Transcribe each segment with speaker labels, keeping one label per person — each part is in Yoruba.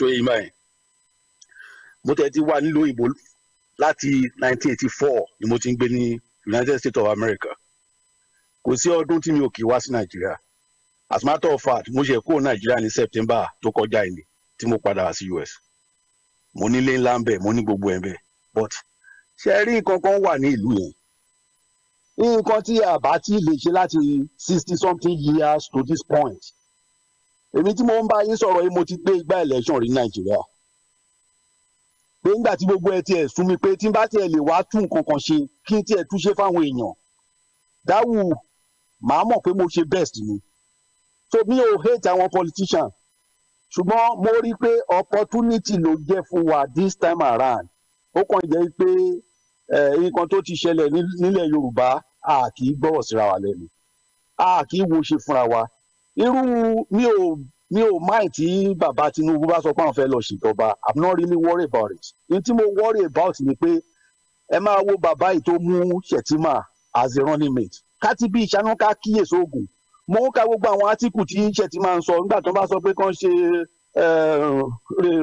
Speaker 1: tó yẹ ìmọ̀ ẹ̀ mo tẹ̀ ti wà nílùú òyìnbó láti 1984 ni mo ti ń gbé ní United States of America kò sí ọdún tí mi ò kì í wá sí Nàìjíríà as matter of fact mo ṣe kúrò Nàìjíríà ní September tó kọjá ìní tí mo padà wá sí US mo nílé ńlá ń bẹ mo ní gbogbo ẹ̀ ń but ṣe rí nǹkan kan wà ní ìlú yẹn nǹkan tí a ti lè ṣe láti sixty something years to this point èmi tí mo ń bá yín sọ̀rọ̀ yìí mo ti gbé igbá election rí nàìjíríà pé nígbà tí gbogbo ẹ tiẹ̀ sún mi pé tí n bá tiẹ̀ lè wá tún nǹkan kan ṣe kí n tiẹ̀ túnṣe fáwọn èèyàn dáwù màá mọ̀ pé mo ṣe best ni so mi ò hate àwọn politician ṣùgbọ́n mo rí i pé opportunity ló jẹ́ fún wa this time around ó kàn jẹ́ pé nǹkan tó ti ṣẹlẹ̀ nílẹ̀ yorùbá a kì í gbọ́rọ̀ síra wa lẹ́nu a kì í wo ṣe fúnra wa irú mi ò mi ò máì tí bàbá Tinubu bá sọ pé àwọn fẹ́ lọ ṣèjọba i'm not really worried about it n tí mo worry about ni pé ẹ máa wo bàbá yìí tó mú Shettima as a running mate káti bí ìṣáná ká kíyèsí oògùn mo ń ka gbogbo àwọn átíkù tí Shettima ń sọ nígbà tó bá sọ pé kàn ṣe eh,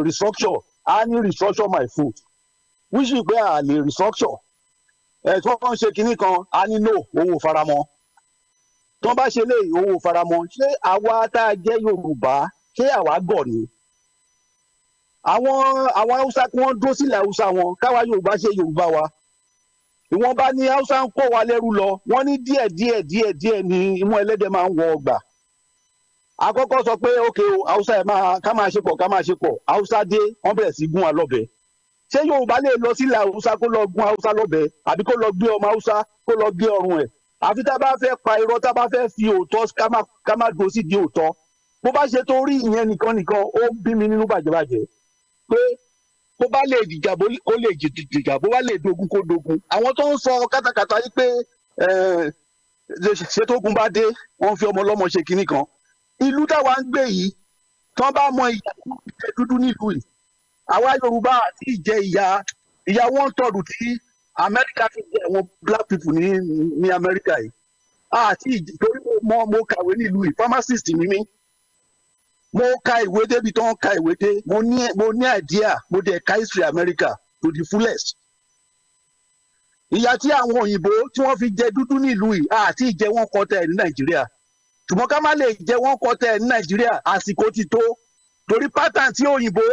Speaker 1: restructure a ní restructure my food wíṣì pé a lè restructure ẹ̀ eh, tí wọ́n kàn ṣe kinní kan a ní no owó faramọ́ tó bá ṣe léyìí owó faramọ́ ṣé àwa tá a jẹ́ Yorùbá ṣé àwa gọ̀ ni àwọn àwọn Haúsá kí wọ́n dúró sílẹ̀ Haúsá wọn káwa Yorùbá ṣe Yorùbá wa ìwọ̀nba ni Haúsá ń kó wa lẹ́rú lọ wọ́n ní díẹ̀ díẹ̀ díẹ̀ díẹ̀ ni ìwọ̀n ẹlẹ́dẹ̀ máa ń wọ ọgbà àkọ́kọ́ sọ pé ókè o Haúsá ẹ̀ máa ká máa ṣe pọ̀ ká máa ṣe pọ̀ Haúsá dé wọ́n bẹ̀rẹ̀ sí gún wa lọ́bẹ ṣé Yorùbá lè lọ sílẹ̀ Haúsá kó lọ gún Haúsá lọ́bẹ àbí kó lọ gbé ọmọ Haúsá kó lọ gbé ọrùn ẹ̀ àfi tá a bá fẹ́ pa irọ́ tá a bá fẹ́ fi òótọ́ ká má dúró sí di òótọ́ bó bá ṣe torí ìyẹn nìkan nìkan ó bí mi nínú bàjẹ́bàjẹ́ pé bó bá lè dìjà kó lè dìjà bó bá lè dogun kó dogun àwọn tó ń sọ kátàkátà yìí pé ṣe tógun bá dé wọ́n fi ọmọ ọlọ́mọ ṣe kinní kan ìlú táwa ń gbé yìí tán bá mọ ìyá dúdú nílùú yìí àwa Yorùbá àti ìjẹ ìyá ìyá wọn tọdù tí America, ti jẹ́ àwọn black people ní ní amẹ́ríkà yìí àti torí mo mo kàwé nílùú yìí pharmacist ni mí mo ka ìwé débi tó ń ka ìwé dé mo ní mo ní idea mo dẹ̀ ka history America to the fullest ìyà tí àwọn òyìnbó tí wọ́n fi jẹ dúdú nílùú yìí àti ìjẹ wọn kọtẹ ní nàìjíríà ṣùgbọ́n ká má lè jẹ wọn kọtẹ ní nàìjíríà àsìkò ti tó torí pátá tí òyìnbó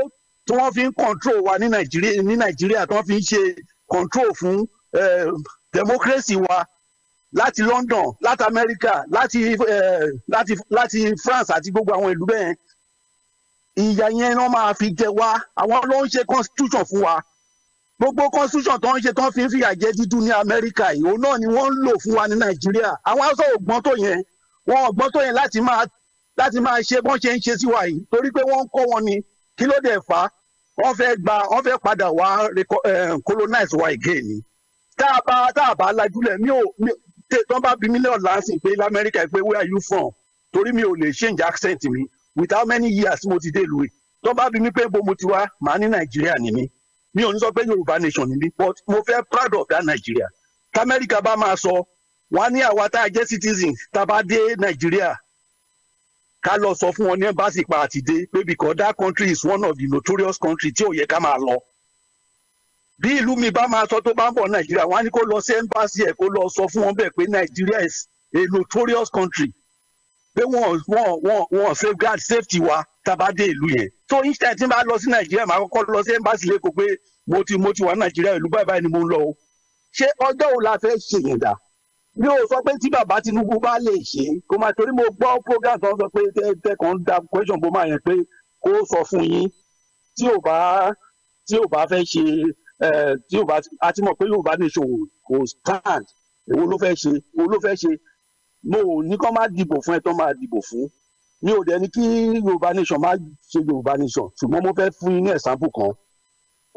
Speaker 1: tí wọ́n fi ń control wa ní nàìjíríà tí wọ́n fi ń ṣe control fún eh, democracy wa láti London láti America láti eh, láti láti France àti gbogbo àwọn ìlú bẹ́ẹ̀ ìyà yẹn náà máa fi jẹ wá àwọn ló ń ṣe constitution fún wa gbogbo constitution tó ń ṣe tó ń fi ń fìyà jẹ dúdú ní amẹ́ríkà yìí òun náà ni wọ́n ń lò fún wa ní nàìjíríà àwọn aṣọ ògbọ́n tó yẹn wọn ògbọ́n tó yẹn láti máa láti máa ṣe bọ́n ṣe ń ṣe sí wa yìí torí pé wọ́n ń kọ́ wọn ni kí ló dé fà á wọ́n fẹ́ gba wọ́n fẹ́ padà wá eh, colonize wa again ni tá a bá tá a bá lajúlẹ̀ mi ò mi tó bá bí mílíọ̀nù láǹsìn pé lamẹ́ríkà pé where are you from torí mi ò lè change accent mi without many years mo ti dé ìlú yìí tó bá bí mi pé bo mo ti wá màá ní nàìjíríà ni mi mi ò ní sọ pé yorùbá nation ni but mo fẹ́ proud of that nàìjíríà tamẹ́ríkà bá máa sọ wọ́n á ní àwa tá a jẹ́ citizen tá a bá dé nàìjíríà ká lọ sọ fún wọn ní embassy pa àtidé pé because that country is one of the notorious country tí ò yẹ ká máa lọ. bí ìlú mi bá máa sọ tó bá ń bọ̀ nàìjíríà wọn á ní kó lọ sí embassy ẹ̀ kó lọ sọ fún wọn bẹ́ẹ̀ pé nàìjíríà is a notorious country pé wọn wọn wọn wọn safeguard safety wa tàbá dé ìlú yẹn. so instead tí n bá lọ sí nàìjíríà màá kọ́kọ́ lọ sí embassy lẹ́kọ̀ọ́ pé mo ti mo ti wà nàìjíríà ìlú báyìí báyìí ni mo ń lọ o. ṣé ọjọ́ wo la fẹ́ ṣèyàn dà? mi ò sọ pé tí bàbá Tinubu bá lè ṣe kó máa torí mo gbọ́ program tó ń sọ pé tẹ́kọ̀ ń da question bó máa yẹn pé kó sọ fún yín tí ò bá tí ò bá fẹ́ ṣe tí ò bá a ti mọ̀ pé Yorùbá nation kò stand èwo ló fẹ́ ṣe èwo ló fẹ́ ṣe mo ò ní kó máa dìbò fún ẹ tó máa dìbò fún mi ò dẹ̀ ní kí Yorùbá nation máa ṣe Yorùbá nation ṣùgbọ́n mo fẹ́ fún yín ní example kan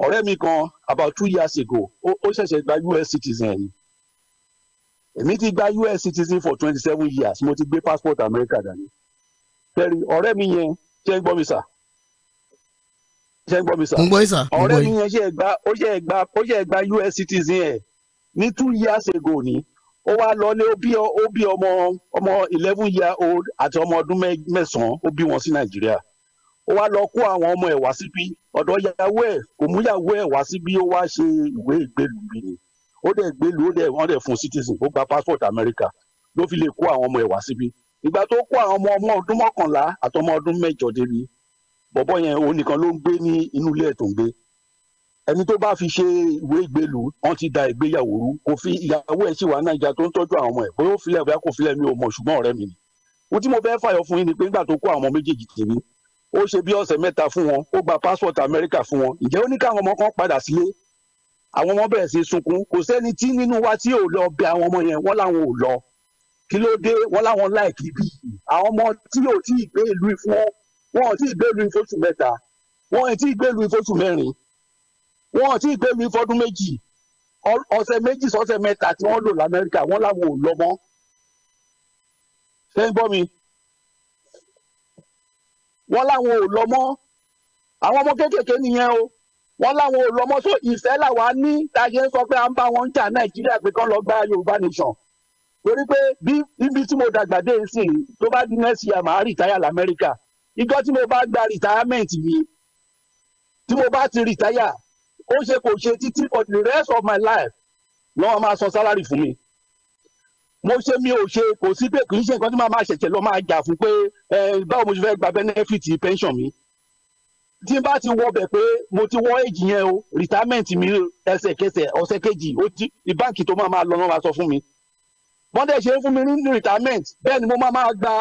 Speaker 1: ọ̀rẹ́ mi kan about two years ago ó ṣẹ̀ṣẹ̀ gba US citizen yìí èmi ti gba US citizen for twenty seven years mo ti gbé passport America dání tẹ́rì ọ̀rẹ́ mi yẹn ṣe ń gbọ́ mi sà ṣe ń gbọ́ mi sà ọ̀rẹ́ mi yẹn ṣe é gba ó ṣe é gba ó ṣe é gba US citizen ẹ̀ ní two years ago ni ó wá lọlé ó bí ó bí ọmọ ọmọ eleven year old àti ọmọ ọdún mẹ́sàn-án ó bí wọn sí Nàìjíríà ó wá lọ kó àwọn ọmọ ẹ̀ wá síbí ọ̀dọ̀ yàwó ẹ̀ kò mú yàwó ẹ̀ wá síbí ó wá ṣe ìwé ìgbélùú mi ni ó dẹ̀ gbélu ó dẹ̀ wọ́n dẹ̀ fún citizen ó gba passport America ló fi lè kó àwọn ọmọ ẹ̀ wá síbi ìgbà tó kó àwọn ọmọ ọmọ ọdún mọ́kànlá àtọmọ ọdún mẹ́jọ débi bọ̀bọ́ yẹn òun nìkan ló ń gbé ní inú ilé ẹ̀ tó ń gbé ẹni tó bá fi ṣe ìwé ìgbélú wọ́n ti da ìgbéyàwó rú kò fi ìyàwó ẹ̀ sì wà Nàìjíríà tó ń tọ́jú àwọn ọmọ ẹ̀ bóyá ó filẹ̀ bóyá kò filẹ̀ mi ò mọ̀ ṣùgbọ́n ọ̀rẹ́ mi ni ohun tí mo fẹ́ fàyọ fún yín ni pé nígbà tó kó àwọn ọmọ méjèèjì tèmi ó ṣe bí ọ̀sẹ̀ mẹ́ta fún wọn ó gba passport Amẹ́ríkà fún wọn ǹjẹ́ ó ní káwọn ọmọ kan padà sílé àwọn ọmọ bẹ̀rẹ̀ sí sunkún kò sẹ́ni tí nínú wa tí ò lọ bẹ̀ àwọn ọmọ yẹn wọ́n láwọn ò lọ kí ló dé wọ́n láwọn láìkì bí àwọn ọmọ tí ò tí ì gbé ìlú ìfún wọn ò tí ì gbé ìlú ìfóṣù mẹ́ta wọn ò tí ì gbé ìlú ìfóṣù mẹ́rin wọn ò tí ì gbé ìlú ìfọdún méjì ọ̀sẹ̀ méjì sọ́sẹ̀ mẹ́ta tí wọ́n lò lamẹ́ríkà wọ́n láwọn ò lọ mọ́ ṣé ń gbọ́ mi wọ́n láwọn ò lọ mọ́ àwọn ọmọ kéékèèké nìyẹn o wọn láwọn ò lọmọ so ìfẹ́ làwa ní tàyẹ̀ ń sọ pé à ń bá wọn ń jà nàìjíríà pé kán lọ gba yorùbá nation torí pé bí ibi tí mo dàgbà dé sí i tó bá di next year màá rìtáyà lamẹ́ríkà ìjọ tí mo bá gba retirement mi tí mo bá ti retire ó ṣe kò ṣe títí for the rest of my life lọ́wọ́ máa san salary fún mi mo ṣe mi ò ṣe kò sí pé kì í ṣe nǹkan tí màá máa ṣẹ̀ṣẹ̀ lọ máa jà fún pé báwo mo ṣe fẹ́ gba benefit pension mi tí n bá ti wọ bẹ̀ pé mo ti wọ èjì yẹn o retirement mi ẹsẹ̀kẹsẹ̀ ọ̀sẹ̀ kejì ó ti ní báǹkì tó máa máa lọ náà máa sọ fún mi wọ́n ṣe é fún mi ní retirement bẹ́ẹ̀ ni mo máa máa gba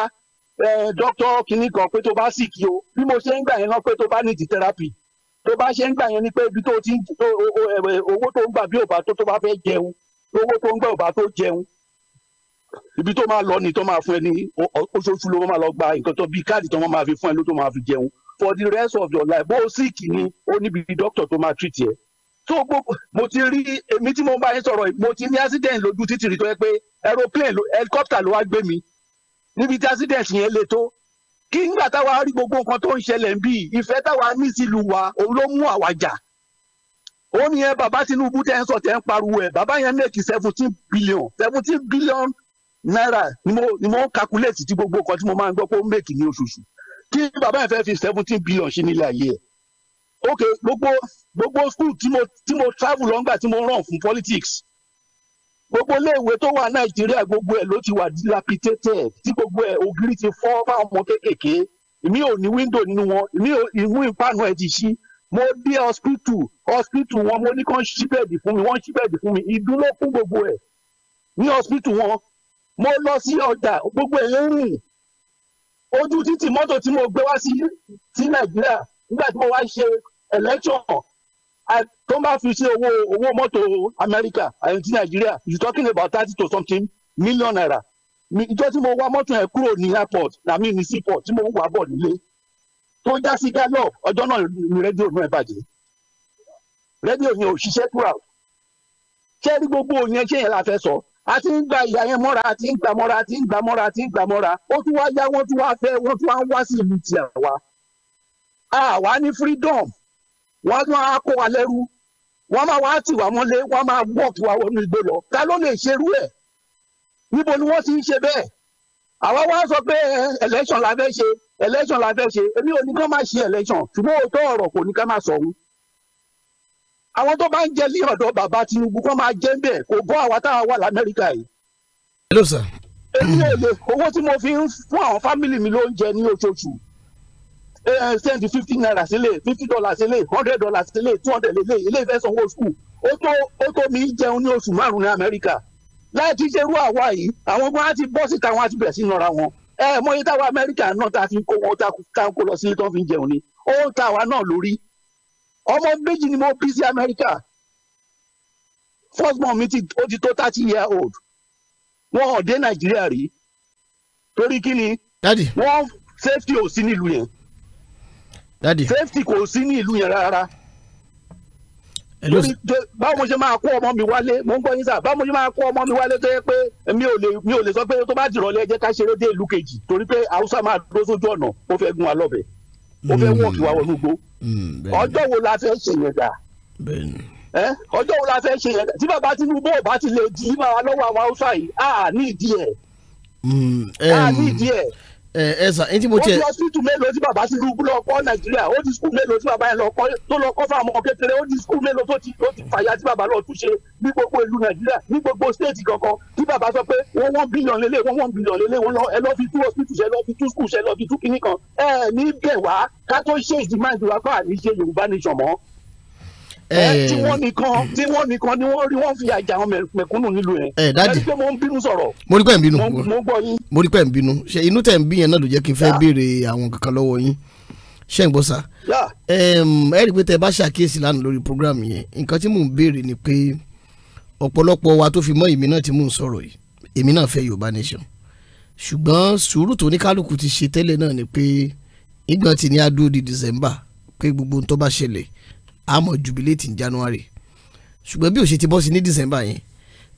Speaker 1: dókítà kìíní kan pé tó bá sì kí o bí mo ṣe ń gbà yẹn náà pé tó bá ní ti therapy tó bá ṣe ń gbà yẹn ni pé ibi tó ti owó tó ń gbà bí ò bá tó tó bá fẹ́ jẹun owó tó ń gbà ò bá tó jẹun ibi tó máa lọ ni tó máa fún ẹ ní oṣooṣù ló máa lọ gba nǹkan tó bí káàdì tó máa fi fún ẹ ló tó máa fi jẹun for the rest of your life bó o sì kì ní ó níbi doctor tó máa treat yẹ So gbogbo mo ti rí èmi tí mo bá yín sọ̀rọ̀ mo ti ní accident lójú títì rí tó yẹ pé aeroplane helicopter ló wá gbé mi níbi tí accident yẹn le tó kí ngbà táwa rí gbogbo nǹkan tó ń ṣẹlẹ̀ ń bí ìfẹ́ táwa ní sílùú wa òun ló mú àwa jà ó ní ẹ bàbá Tinubu tẹ́ ń sọ tẹ́ ń pariwo ẹ̀ bàbá yẹn make seventeen billion seventeen billion naira ni mo ni mo calculate ti gbogbo nǹkan tí mo máa ń gbọ́ pé ó make ní oṣooṣù kí bàbá yẹn fẹ́ fi seventeen billion ṣe nílé ayé ẹ̀ ok gbogbo gbogbo school tí mo tí mo travel lọ́ngbà tí mo run fún politics gbogbo iléèwé tó wà nàìjíríà gbogbo ẹ̀ ló ti wà dilapidated tí gbogbo ẹ̀ ògiri ti fọ́ fáwọn ọmọ kéékèèké èmi ò ní window nínú wọn èmi ò ìwú ìpanu ẹ̀ ti ṣí mo dé hospital hospital wọn mo ní kàn ṣí bẹ́ẹ̀dì fún mi wọ́n ṣí bẹ́ẹ̀dì fún mi ìdúró fún gbogbo ẹ̀ ní hospital wọn mo lọ sí ọjà gbogbo ẹ̀ ń rìn ojú títì mọ́tò tí mo gbé wá sí sí nàìjíríà nígbà tí mo wá ṣe election tó bá fi ṣe owó owó mọ́tò amẹ́ríkà àyè ti nàìjíríà you talking about thirty to something million naira ìjọ tí mo wá mọ́tò yẹn kúrò ní airport làmì ní seaport tí mo wà bọ̀ nílé tó já sí gallop ọjọ́ náà ni rédíò náà bàjẹ́ rédíò yẹn ò ṣiṣẹ́ kúrò ṣé rí gbogbo yẹn ṣé yẹn la fẹ́ sọ a ti ń gba ìyá yẹn mọ́ra a ti ń gbà mọ́ra a ti ń gbà mọ́ra a ti ń gbà mọ́ra ó tún wá yá wọ́n tún wá fẹ́ wọ́n tún wá ń wá sí ìlú tiẹ̀ a àwa ní freedom wọ́n máa kó wa lẹ́rú wọ́n máa wá tì wá mọ́lé wọ́n máa wọ́ọ̀kì wa wọnú igbó lọ ta ló lè ṣerú ẹ̀ níbo ni wọ́n ti ń ṣe bẹ́ẹ̀ àwa wá sọ pé election la fẹ́ ṣe election la fẹ́ ṣe èmi ò ní kán má ṣe election ṣùgbọ́n òótọ́ ọ̀rọ̀ kò ní ká má sọ òun àwọn tó bá ń jẹ ní ọ̀dọ̀ bàbá Tinubu kọ́ máa jẹ́ bẹ́ẹ̀ kò bọ́ àwa tá a wà l'Amẹ́ríkà yìí. hello sir. èmi ò lè owó tí mo fi ń fún àwọn fámìlì mi lóúnjẹ ní oṣooṣù send fifty naira sílẹ̀ fifty dollar sílẹ̀ hundred dollar sílẹ̀ two hundred lélẹ̀ ilé ìfẹ́ sanwó school ó tó ó tó mi jẹun ní oṣù márùn-ún ní Amẹ́ríkà láì ti ṣerú àwa yìí àwọn kan á ti bọ́ síta wọn á ti bẹ̀rẹ̀ sí nọra wọn ẹ mọ iye táwa Amẹ́ríkà náà ta fi kó wọn ta kó lọ sí tó fi jẹun ni ó ń ta àwa náà lórí ọmọ méjì ni mo bí sí Amẹ́ríkà first born mi ti ó ti tó thirty year old wọn ò dé Nàìjíríà rí torí kí ni wọn safety ò sí nílùú yẹn safety kò sí ní ìlú yẹn rárá báwo mo ṣe máa kó ọmọ mi wálé mo ń gbọ́ yín sá báwo mo ṣe máa kó ọmọ mi wálé tó yẹ pé mi ò lè mi ò lè sọ pé tó bá dìrọ̀lẹ́ ẹ jẹ́ ká ṣeré dé ìlú kejì torí pé haúsá máa dúró sójú ọ̀nà ó fẹ́ gún wa lọ́bẹ̀ẹ́ ó fẹ́ mm. wọ́ọ̀kì wa wọnú gbó mm, ọjọ́ wo la fẹ́ ṣe yẹn dà ọjọ́ wo la fẹ́ ṣe yẹn dà tí bàbá Tinubu ò bá ti lè dì í máa àwọn haúsá yìí a ní ìdí ẹ̀ mm, a ní ìdí ẹ̀
Speaker 2: ẹ eh, sà ẹni tí mo tiẹ̀. ó lọ
Speaker 1: sítú mélòó tí bàbá Tinubu lọ kọ́ Nàìjíríà ó di skul mélòó tí bàbá yẹn lọ kọ́ tó lọ kọ́ fún àwọn kékeré ó di skul mélòó tó ti tó ti fàyà tí bàbá lọ túnṣe ní gbogbo ìlú Nàìjíríà ní gbogbo stéètì kankan tí bàbá sọ pé wọ́n wọ́n bílíọ̀n lélẹ̀ wọ́n wọ́n bílíọ̀n lélẹ̀ wọ́n lọ ẹ lọ fi tú hospital ṣe lọ fi tú skul ṣe lọ fi tú kinní kan ẹ ní bẹ̀ wá ká tó ṣe ìdìmáàdì wa kọ́
Speaker 2: Eh, tí wọ́n
Speaker 1: nìkan tí wọ́n nìkan ni wọ́n rí wọ́n fi àjà àwọn
Speaker 2: mẹ̀kúnnù nílùú yẹn. ẹ eh, dáàdì
Speaker 1: mo ń bínú sọ̀rọ̀. mo rí pẹ́ ń bínú mo
Speaker 2: gbọ́ yín. mo rí pẹ́ ń bínú ṣe inú tẹ̀ ń bí yẹn náà ló jẹ́ kí n fẹ́ béèrè àwọn kankan lọ́wọ́ yín ṣe ń gbọ́ sa. ẹ rí i pé tẹ bá ṣàkíyèsí lánàá lórí program yẹn nǹkan tí mò ń béèrè ni pé ọ̀pọ̀lọpọ̀ wa tó fi mọ́ èmi náà tí mò ń sọ̀rọ̀ yìí èmi náà fẹ́ Yorùbá nation ṣùgbọ́n sùúrù tó ní kálukú ti ṣe tẹ́lẹ̀ náà ni pé ìgbọ̀n ti ní adúró di December pé gbogbo ohun tó bá ṣẹlẹ̀ àmọ́ jubilate in January ṣùgbọ́n bí ó ṣe ti bọ́ sí ní December yẹn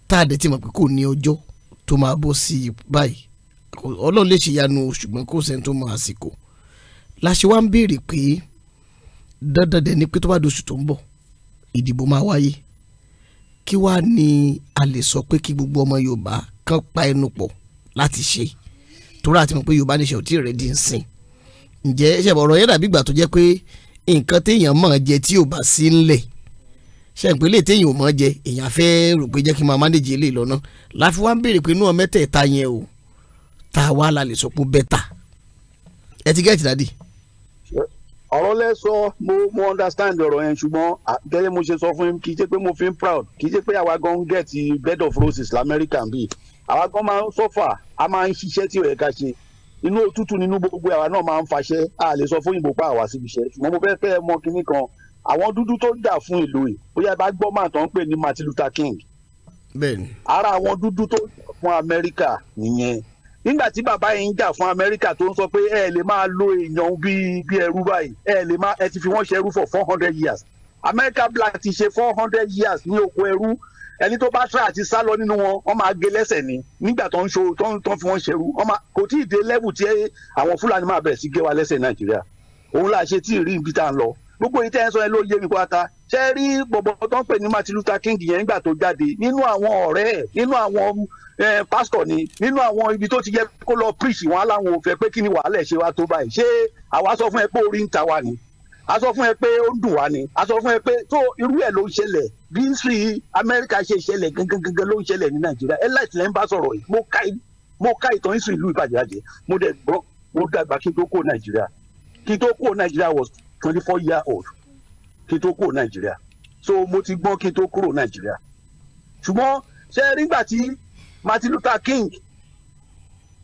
Speaker 2: tá a dẹ̀ ti mọ̀ pé kò ní ọjọ́ tó máa bọ́ sí báyìí ọlọ́run lè ṣe yanu ṣùgbọ́n kò sẹ́ni tó mọ àsìkò la ṣe ń béèrè pé dandan dẹ̀ ni pé tó bá doṣù tó ń bọ̀ ìdìbò máa wáyé kí wá ni a lè sọ pé kí gbogbo ọmọ Yorùbá kan pa ẹnu pọ̀ láti ṣe torí àti mọ̀ pé Yorùbá nation ò rẹ̀ di ń ǹjẹ́ ṣẹ̀bọ̀ ọ̀rọ̀ yẹn dàbí ìgbà tó jẹ́ pé nǹkan téèyàn mọ̀ jẹ tí ò bá sí ńlẹ̀ ṣẹ́ǹpé lè téèyàn ò mọ̀ jẹ èèyàn fẹ́ rò pé jẹ́ kí n máa mánéjì lè lọ́nà láfi wá ń béèrè pé inú ọ mẹ́tẹ̀ẹ̀ta yẹn o tá a wá la lè sọ pé bẹ́tà ẹ ti gẹ́ẹ̀tì dádì.
Speaker 1: ọ̀rọ̀ lẹ sọ mo mo understand ọ̀rọ̀ yẹn ṣùgbọ́n gẹ́gẹ́ mo ṣe sọ fún yín kì í ṣe pé mo fi ń proud kì í ṣe pé àwa gan get bed of roses lamẹ́ríkà bíi àwa gan máa ń sọ́fà a máa ń ṣiṣẹ́ tí ò yẹ ká ṣe inú òtútù nínú gbogbo àwa náà máa ń faṣẹ́ a lè sọ fún òyìnbó àwa síbi iṣẹ́ ṣùgbọ́n mo fẹ́ fẹ́ mọ kinní kan àwọn dúdú tó ń fún ìlú yìí bóyá bá gbọ́ máa tán pè ní Martin Luther King ara àwọn dúdú tó ń fún Amẹ́ríkà nìyẹn nígbà tí bàbá yìí ń jà fún Amẹ́ríkà tó ń sọ pé ẹ lè máa lo èèyàn bíi bíi ẹrú báyìí ẹ lè máa ẹ ti fi wọ́n ṣe ẹrú for four hundred years America Black ti ṣe four hundred years ní oko ẹrú ẹni tó bá ṣáà ti sá lọ nínú wọn wọn máa gé lẹ́sẹ̀ ni nígbà tó ń ṣo tó ń fi wọn ṣerú kò tí ì dé level tí àwọn fúlàní máa bẹ̀rẹ̀ sí gé wa lẹ́sẹ̀ nàìjíríà òun là ṣe tí ì rí ibi tá à ń lọ gbogbo yìí tẹ́ ẹ sọ yẹn ló yé mi pátá ṣe rí bọ̀bọ̀ tó ń pè ní Martin Luther King yẹn nígbà tó jáde nínú àwọn ọ̀rẹ́ ẹ̀ nínú àwọn pásítọ̀ ni nínú àwọn ibi tó ti yẹ kó lọ preach wọn aláwọn òfẹ́ pé kí ni wàhálà ẹ̀ ṣe wa tó báyìí ṣé àwa sọ fún ẹ pé orí ń ta wa ni a sọ fún ẹ pé ó dùn wá ni a sọ fún ẹ pé tó irú ẹ̀ ló ń ṣẹlẹ̀ bí sí amẹ́ríkà ṣe ṣẹlẹ̀ gangan ló ń ṣẹlẹ̀ ní nàìjíríà ẹ láti lẹ́ bá sọ̀rọ̀ yìí mo ka ìtàn ìsìn ìlú ìbàjẹ́ mo dẹ̀ gbọ́ mo dàgbà kí n tó kó nàìjíríà kí n tó kó nàìjíríà was twenty four year old kí n tó kó nàìjíríà so mo ti gbọ́n kí n tó kúrò nàìjíríà ṣùgbọ́n ṣe nígbà tí Martin Luther King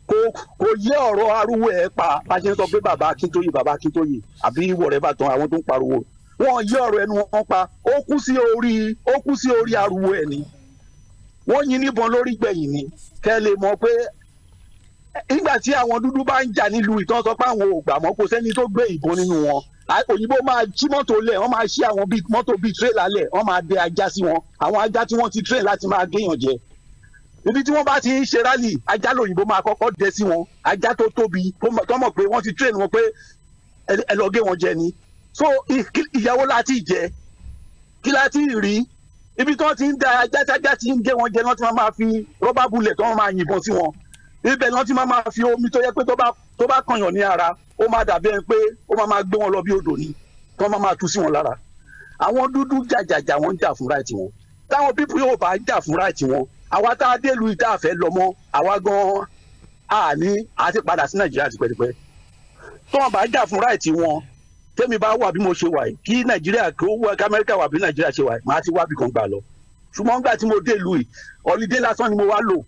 Speaker 1: kó kó yé ọ̀rọ̀ arúgbó ẹ̀ pa bá a ṣe ń sọ pé bàbá Akíntóyè bàbá Akíntóyè àbí wọ̀rẹ́ bàtàn àwọn tó ń pariwo wọ́n yé ọ̀rọ̀ ẹnu wọn pa ó kú sí orí ó kú sí orí arúgbó ẹ̀ ni wọ́n yin níbọn lórí gbẹ̀yìn ni kẹ́ ẹ lè mọ̀ pé nígbà tí àwọn dúdú bá ń jà nílùú ìtàn sọ pé àwọn ò gbà mọ́ kò sẹ́ni tó gbé ìbọn nínú wọn òyìnbó máa jí mọ́tò lẹ̀ wọ́n máa ṣí àwọn mọ́tò bíi tírélà lẹ̀ wọ́n máa dẹ ajá sí wọn àwọn ajá tí wọ́n ti tírẹ̀ láti máa géèyàn ibi tí wọ́n bá ti ń ṣe rálì ajá lóyìnbó máa kọ́kọ́ dẹ sí wọn ajá tó tóbi tó mọ̀ pé wọ́n ti train wọn pé ẹ lọ gé wọn jẹ ni so ìyàwó láti jẹ kí láti rí ibi tí wọ́n ti ń da ajá tájá ti ń gé wọn jẹ ni wọ́n ti máa fi rọ́bà bulẹ̀ tí wọ́n máa yìnbọn sí wọn ibẹ̀ ni wọ́n ti máa fi omi tó yẹ pé tó bá kànyàn ní ara ó máa dàbí ẹni pé ó máa gbé wọn lọ bí odò ni tí wọ́n máa tú sí wọn lára àwọn dúdú jàjàjà wọ́n ń jà fún ráìtì wọn táwọn pípú yóò bá jà fún ráìtì wọn àwa tá a dé lu ìta àfẹ́ lọ́mọ àwa gan-an a ní a ti padà sí nàìjíríà tipẹ́tipẹ́ tó wọn bá jà fún ráìtì wọn tẹ́mi bá wà bí mo ṣe wà yìí kí nàìjíríà kí ó wà kí amẹ́ríkà wà bí nàìjíríà ṣe wà yìí màá ti wá bí gbà lọ ṣùgbọ́n nígbà tí mo dé lu yìí ọ̀lídé lásán ni mo wá lò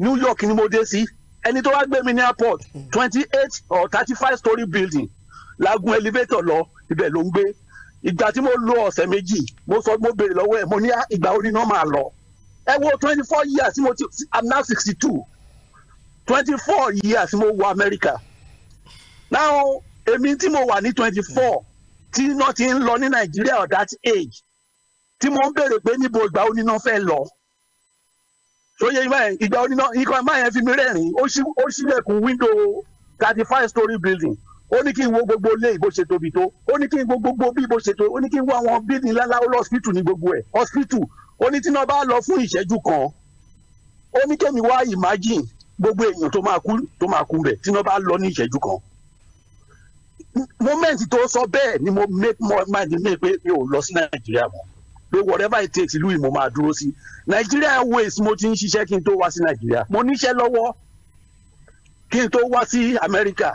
Speaker 1: New York ni mo dé sí ẹni tó wá gbé mi ní airport twenty eight or thirty five story building lagun elevator lọ ibẹ̀ ló ń gbé ìgbà tí mo lo ọ̀sẹ̀ méjì mo sọ mo béèrè lọ́wọ́ ẹ̀ mo ní ah, ìgbà oníná máa lọ ẹ wo twenty four years mo ti i'm now sixty two twenty four years mo wọ America now èmi tí mo wà ní twenty four tí iná ti ń lọ ní Nàìjíríà at that age tí mo ń béèrè pé níbo ìgbà oníná fẹ́ lọ sóye ìgbà oníná ikọ̀ ẹ̀ máa yẹn fi mi rẹ́rìn ó ṣílẹ̀kùn window thirty five story building ó ní kí n wo gbogbo ilé ìbò ṣe tóbi tó ó ní kí n wo gbogbo bí ìbò ṣe tó ó ní kí n wo àwọn bíìdì ńláńlá ó lọ hospital ní gbogbo ẹ̀ hospital ó ní tí iná bá lọ fún ìṣẹ́jú kan ó ní kémi wá imagine gbogbo èèyàn tó máa kú tó máa kú bẹ̀ tí iná lọ ní ìṣẹ́jú kan moment tó sọ bẹ́ẹ̀ ni mo make my mind mi pé mi ò lọ sí nàìjíríà mọ́ pé whatever it takes ìlú yìí mo máa dúró sí nàìjíríà ways mo ti ń ṣiṣẹ́ kí n tó wá sí nàìjíríà mo níṣẹ́ lọ́wọ́ kí n tó wá sí amẹ́ríkà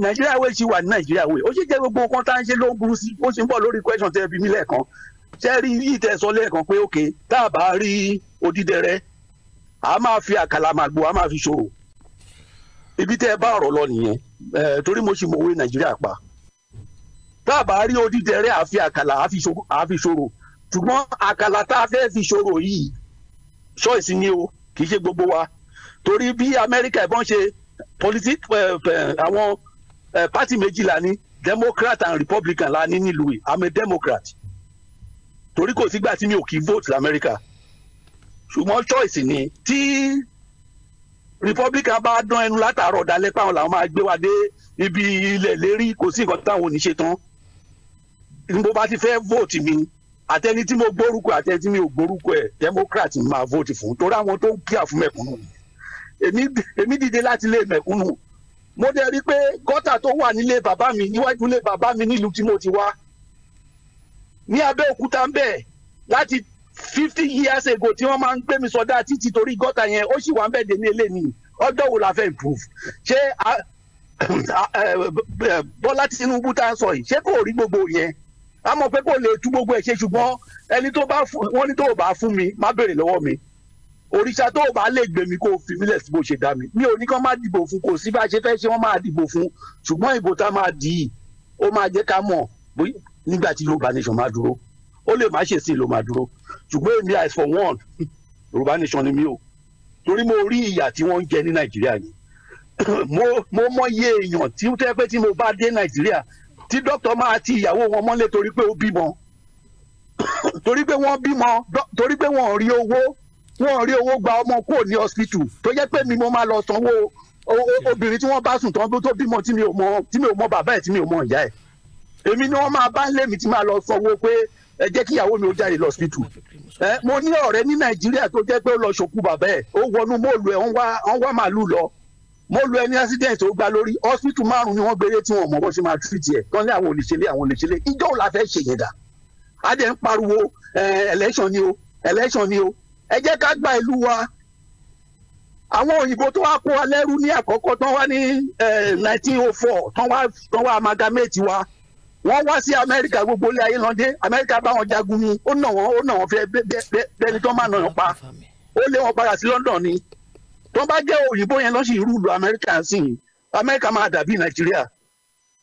Speaker 1: nàìjíríà ways ṣì wà ní nàìjíríà ways ó ṣe jẹ́ gbogbo nǹkan tá à ń ṣe ló ń burú sí ó ṣe ń bọ̀ lórí question tẹ́ ẹ bí mí lẹ́ẹ̀kan sẹ́ẹ̀rí yìí tẹ̀ sọ lẹ́ẹ̀kan pé òkè tá a bá rí odídẹrẹ a máa fi àkàlà máa gbó a máa fi ṣòro ibi tẹ́ ẹ bá ọ̀rọ̀ lọ nìyẹn torí mo sì mọ̀wé nàìjíríà pa tá a bá rí odídẹrẹ a fi àkàlà a fi ṣòro ṣùgbọ́n àkàlà tá a fẹ́ fi ṣòro yìí ṣọ́ọ̀ṣì ni o kì í ṣe gbogbo wa torí bí amẹ́ríkà ẹ̀bọ́n ṣe politik àwọn pati méjìlá ní democrat and republican la ní nílùú yìí i'm democrat torí kò sígbà tí mi ò kí vote lamẹ́ríkà ṣùgbọ́n choice ni tí republican bá dán ẹnu látàárọ̀ dalẹ́ páwọn làwọn máa gbé wa dé ibi ilẹ̀ lérí kò sí nǹkan táwọn ò ní ṣe tán ní bá ti fẹ́ vote mi àtẹni tí mo gbórúkọ àtẹni tí mi ò gbórúkọ ẹ̀ democrat máa vote fún torí àwọn tó ń kíà fún mẹ̀kúnnù èmi èmi dìde láti lé mẹ̀kúnnù mo dẹ̀ rí i pé gọ́tà tó wà nílé bàbá mi níwájú ilé bàbá mi nílùú tí mo ti wá ní Abẹ́òkúta ń bẹ̀ láti fifty years ago tí wọ́n máa ń gbé mi sọdá títí torí gọ́tà yẹn ó sì wà ń bẹ̀ dé ní eléyìí ọjọ́ wo la fẹ́ improve ṣé eh, Bọ́lá Tinubu tá a sọ yìí ṣé kò rí gbogbo yẹn a mọ̀ pé kò lè tú gbogbo ẹ̀ ṣe ṣùgbọ́n ẹni tó bá fún wọn ní tó bá fún mi má béèrè lọ́wọ́ mi òrìṣà tó bá lè gbé mi kó fi mí lẹ̀ sí bó ṣe dá mi mi ò ní kán má dìbò fún kò sí bá ṣe fẹ́ ṣe wọ́n máa dìbò fún ṣùgbọ́n ìbò tá máa dì í ó máa jẹ́ ká mọ̀ nígbà tí Yorùbá nation máa dúró ó lè má ṣe sí ló máa dúró ṣùgbọ́n èmi as for one Yorùbá nation ni mí o torí mo rí ìyà tí wọ́n ń jẹ ní Nàìjíríà ni mo mọyé èèyàn tí ó tẹ́ pé tí mo bá dé Nàìjíríà tí dókítà máa ti ìyàwó wọn mọ́lé torí pé ó bímọ torí pé wọ́n bímọ torí pé wọ́n rí owó wọ́n rí owó gba ọmọ kúrò ní hospital tó jẹ́ pé mi mo máa lọ sanwó obìnrin tí wọ́n bá sùn tán tó bímọ tí mi ò mọ bàbá ẹ̀ tí mi ò mọ ìyá ẹ̀ èmi ni wọ́n máa bá lèmi tí máa lọ sanwó pé ẹ jẹ́ kí ìyàwó mi ó jáde lọ síbítù ẹ mo ní ọ̀rẹ́ ní nàìjíríà tó jẹ́ pé ó lọ ṣòkú bàbá ẹ̀ ó wọnú mọ́ọ̀lù ẹ̀ wọ́n wá màálù lọ mọ́ọ̀lù ẹ̀ ní accident ó gbá lórí hospital márùn ni wọ́n gbélé tí wọ́n mọ̀ bó ṣe máa treat ẹ̀ tán ní àwọn olùṣèlé àwọn olùṣèlé ìjọ́ la fẹ́ ṣe yẹn dà á dẹ̀ ń pariwo election ni o election ni o ẹ jẹ́ ká gba ìlú wa àwọn òyìnbó tó wá kó wa lẹ́rú ní àkọ́kọ́ tán wá ní nineteen oh four tán wá amalgamate wa wọ́n wá sí amẹ́ríkà gbogbo ilé ayé lọ́dẹ amẹ́ríkà bá wọn jagun ni ó nà wọ́n ó nà wọ́n fẹ́ bẹ́ẹ̀ni tó máa nà wọ́n pa ó lé wọn padà sí london ni tó bá jẹ́ òyìnbó yẹn lọ́sì rúùlù amẹ́ríkà sí i amẹ́ríkà máa dàbí nàìjíríà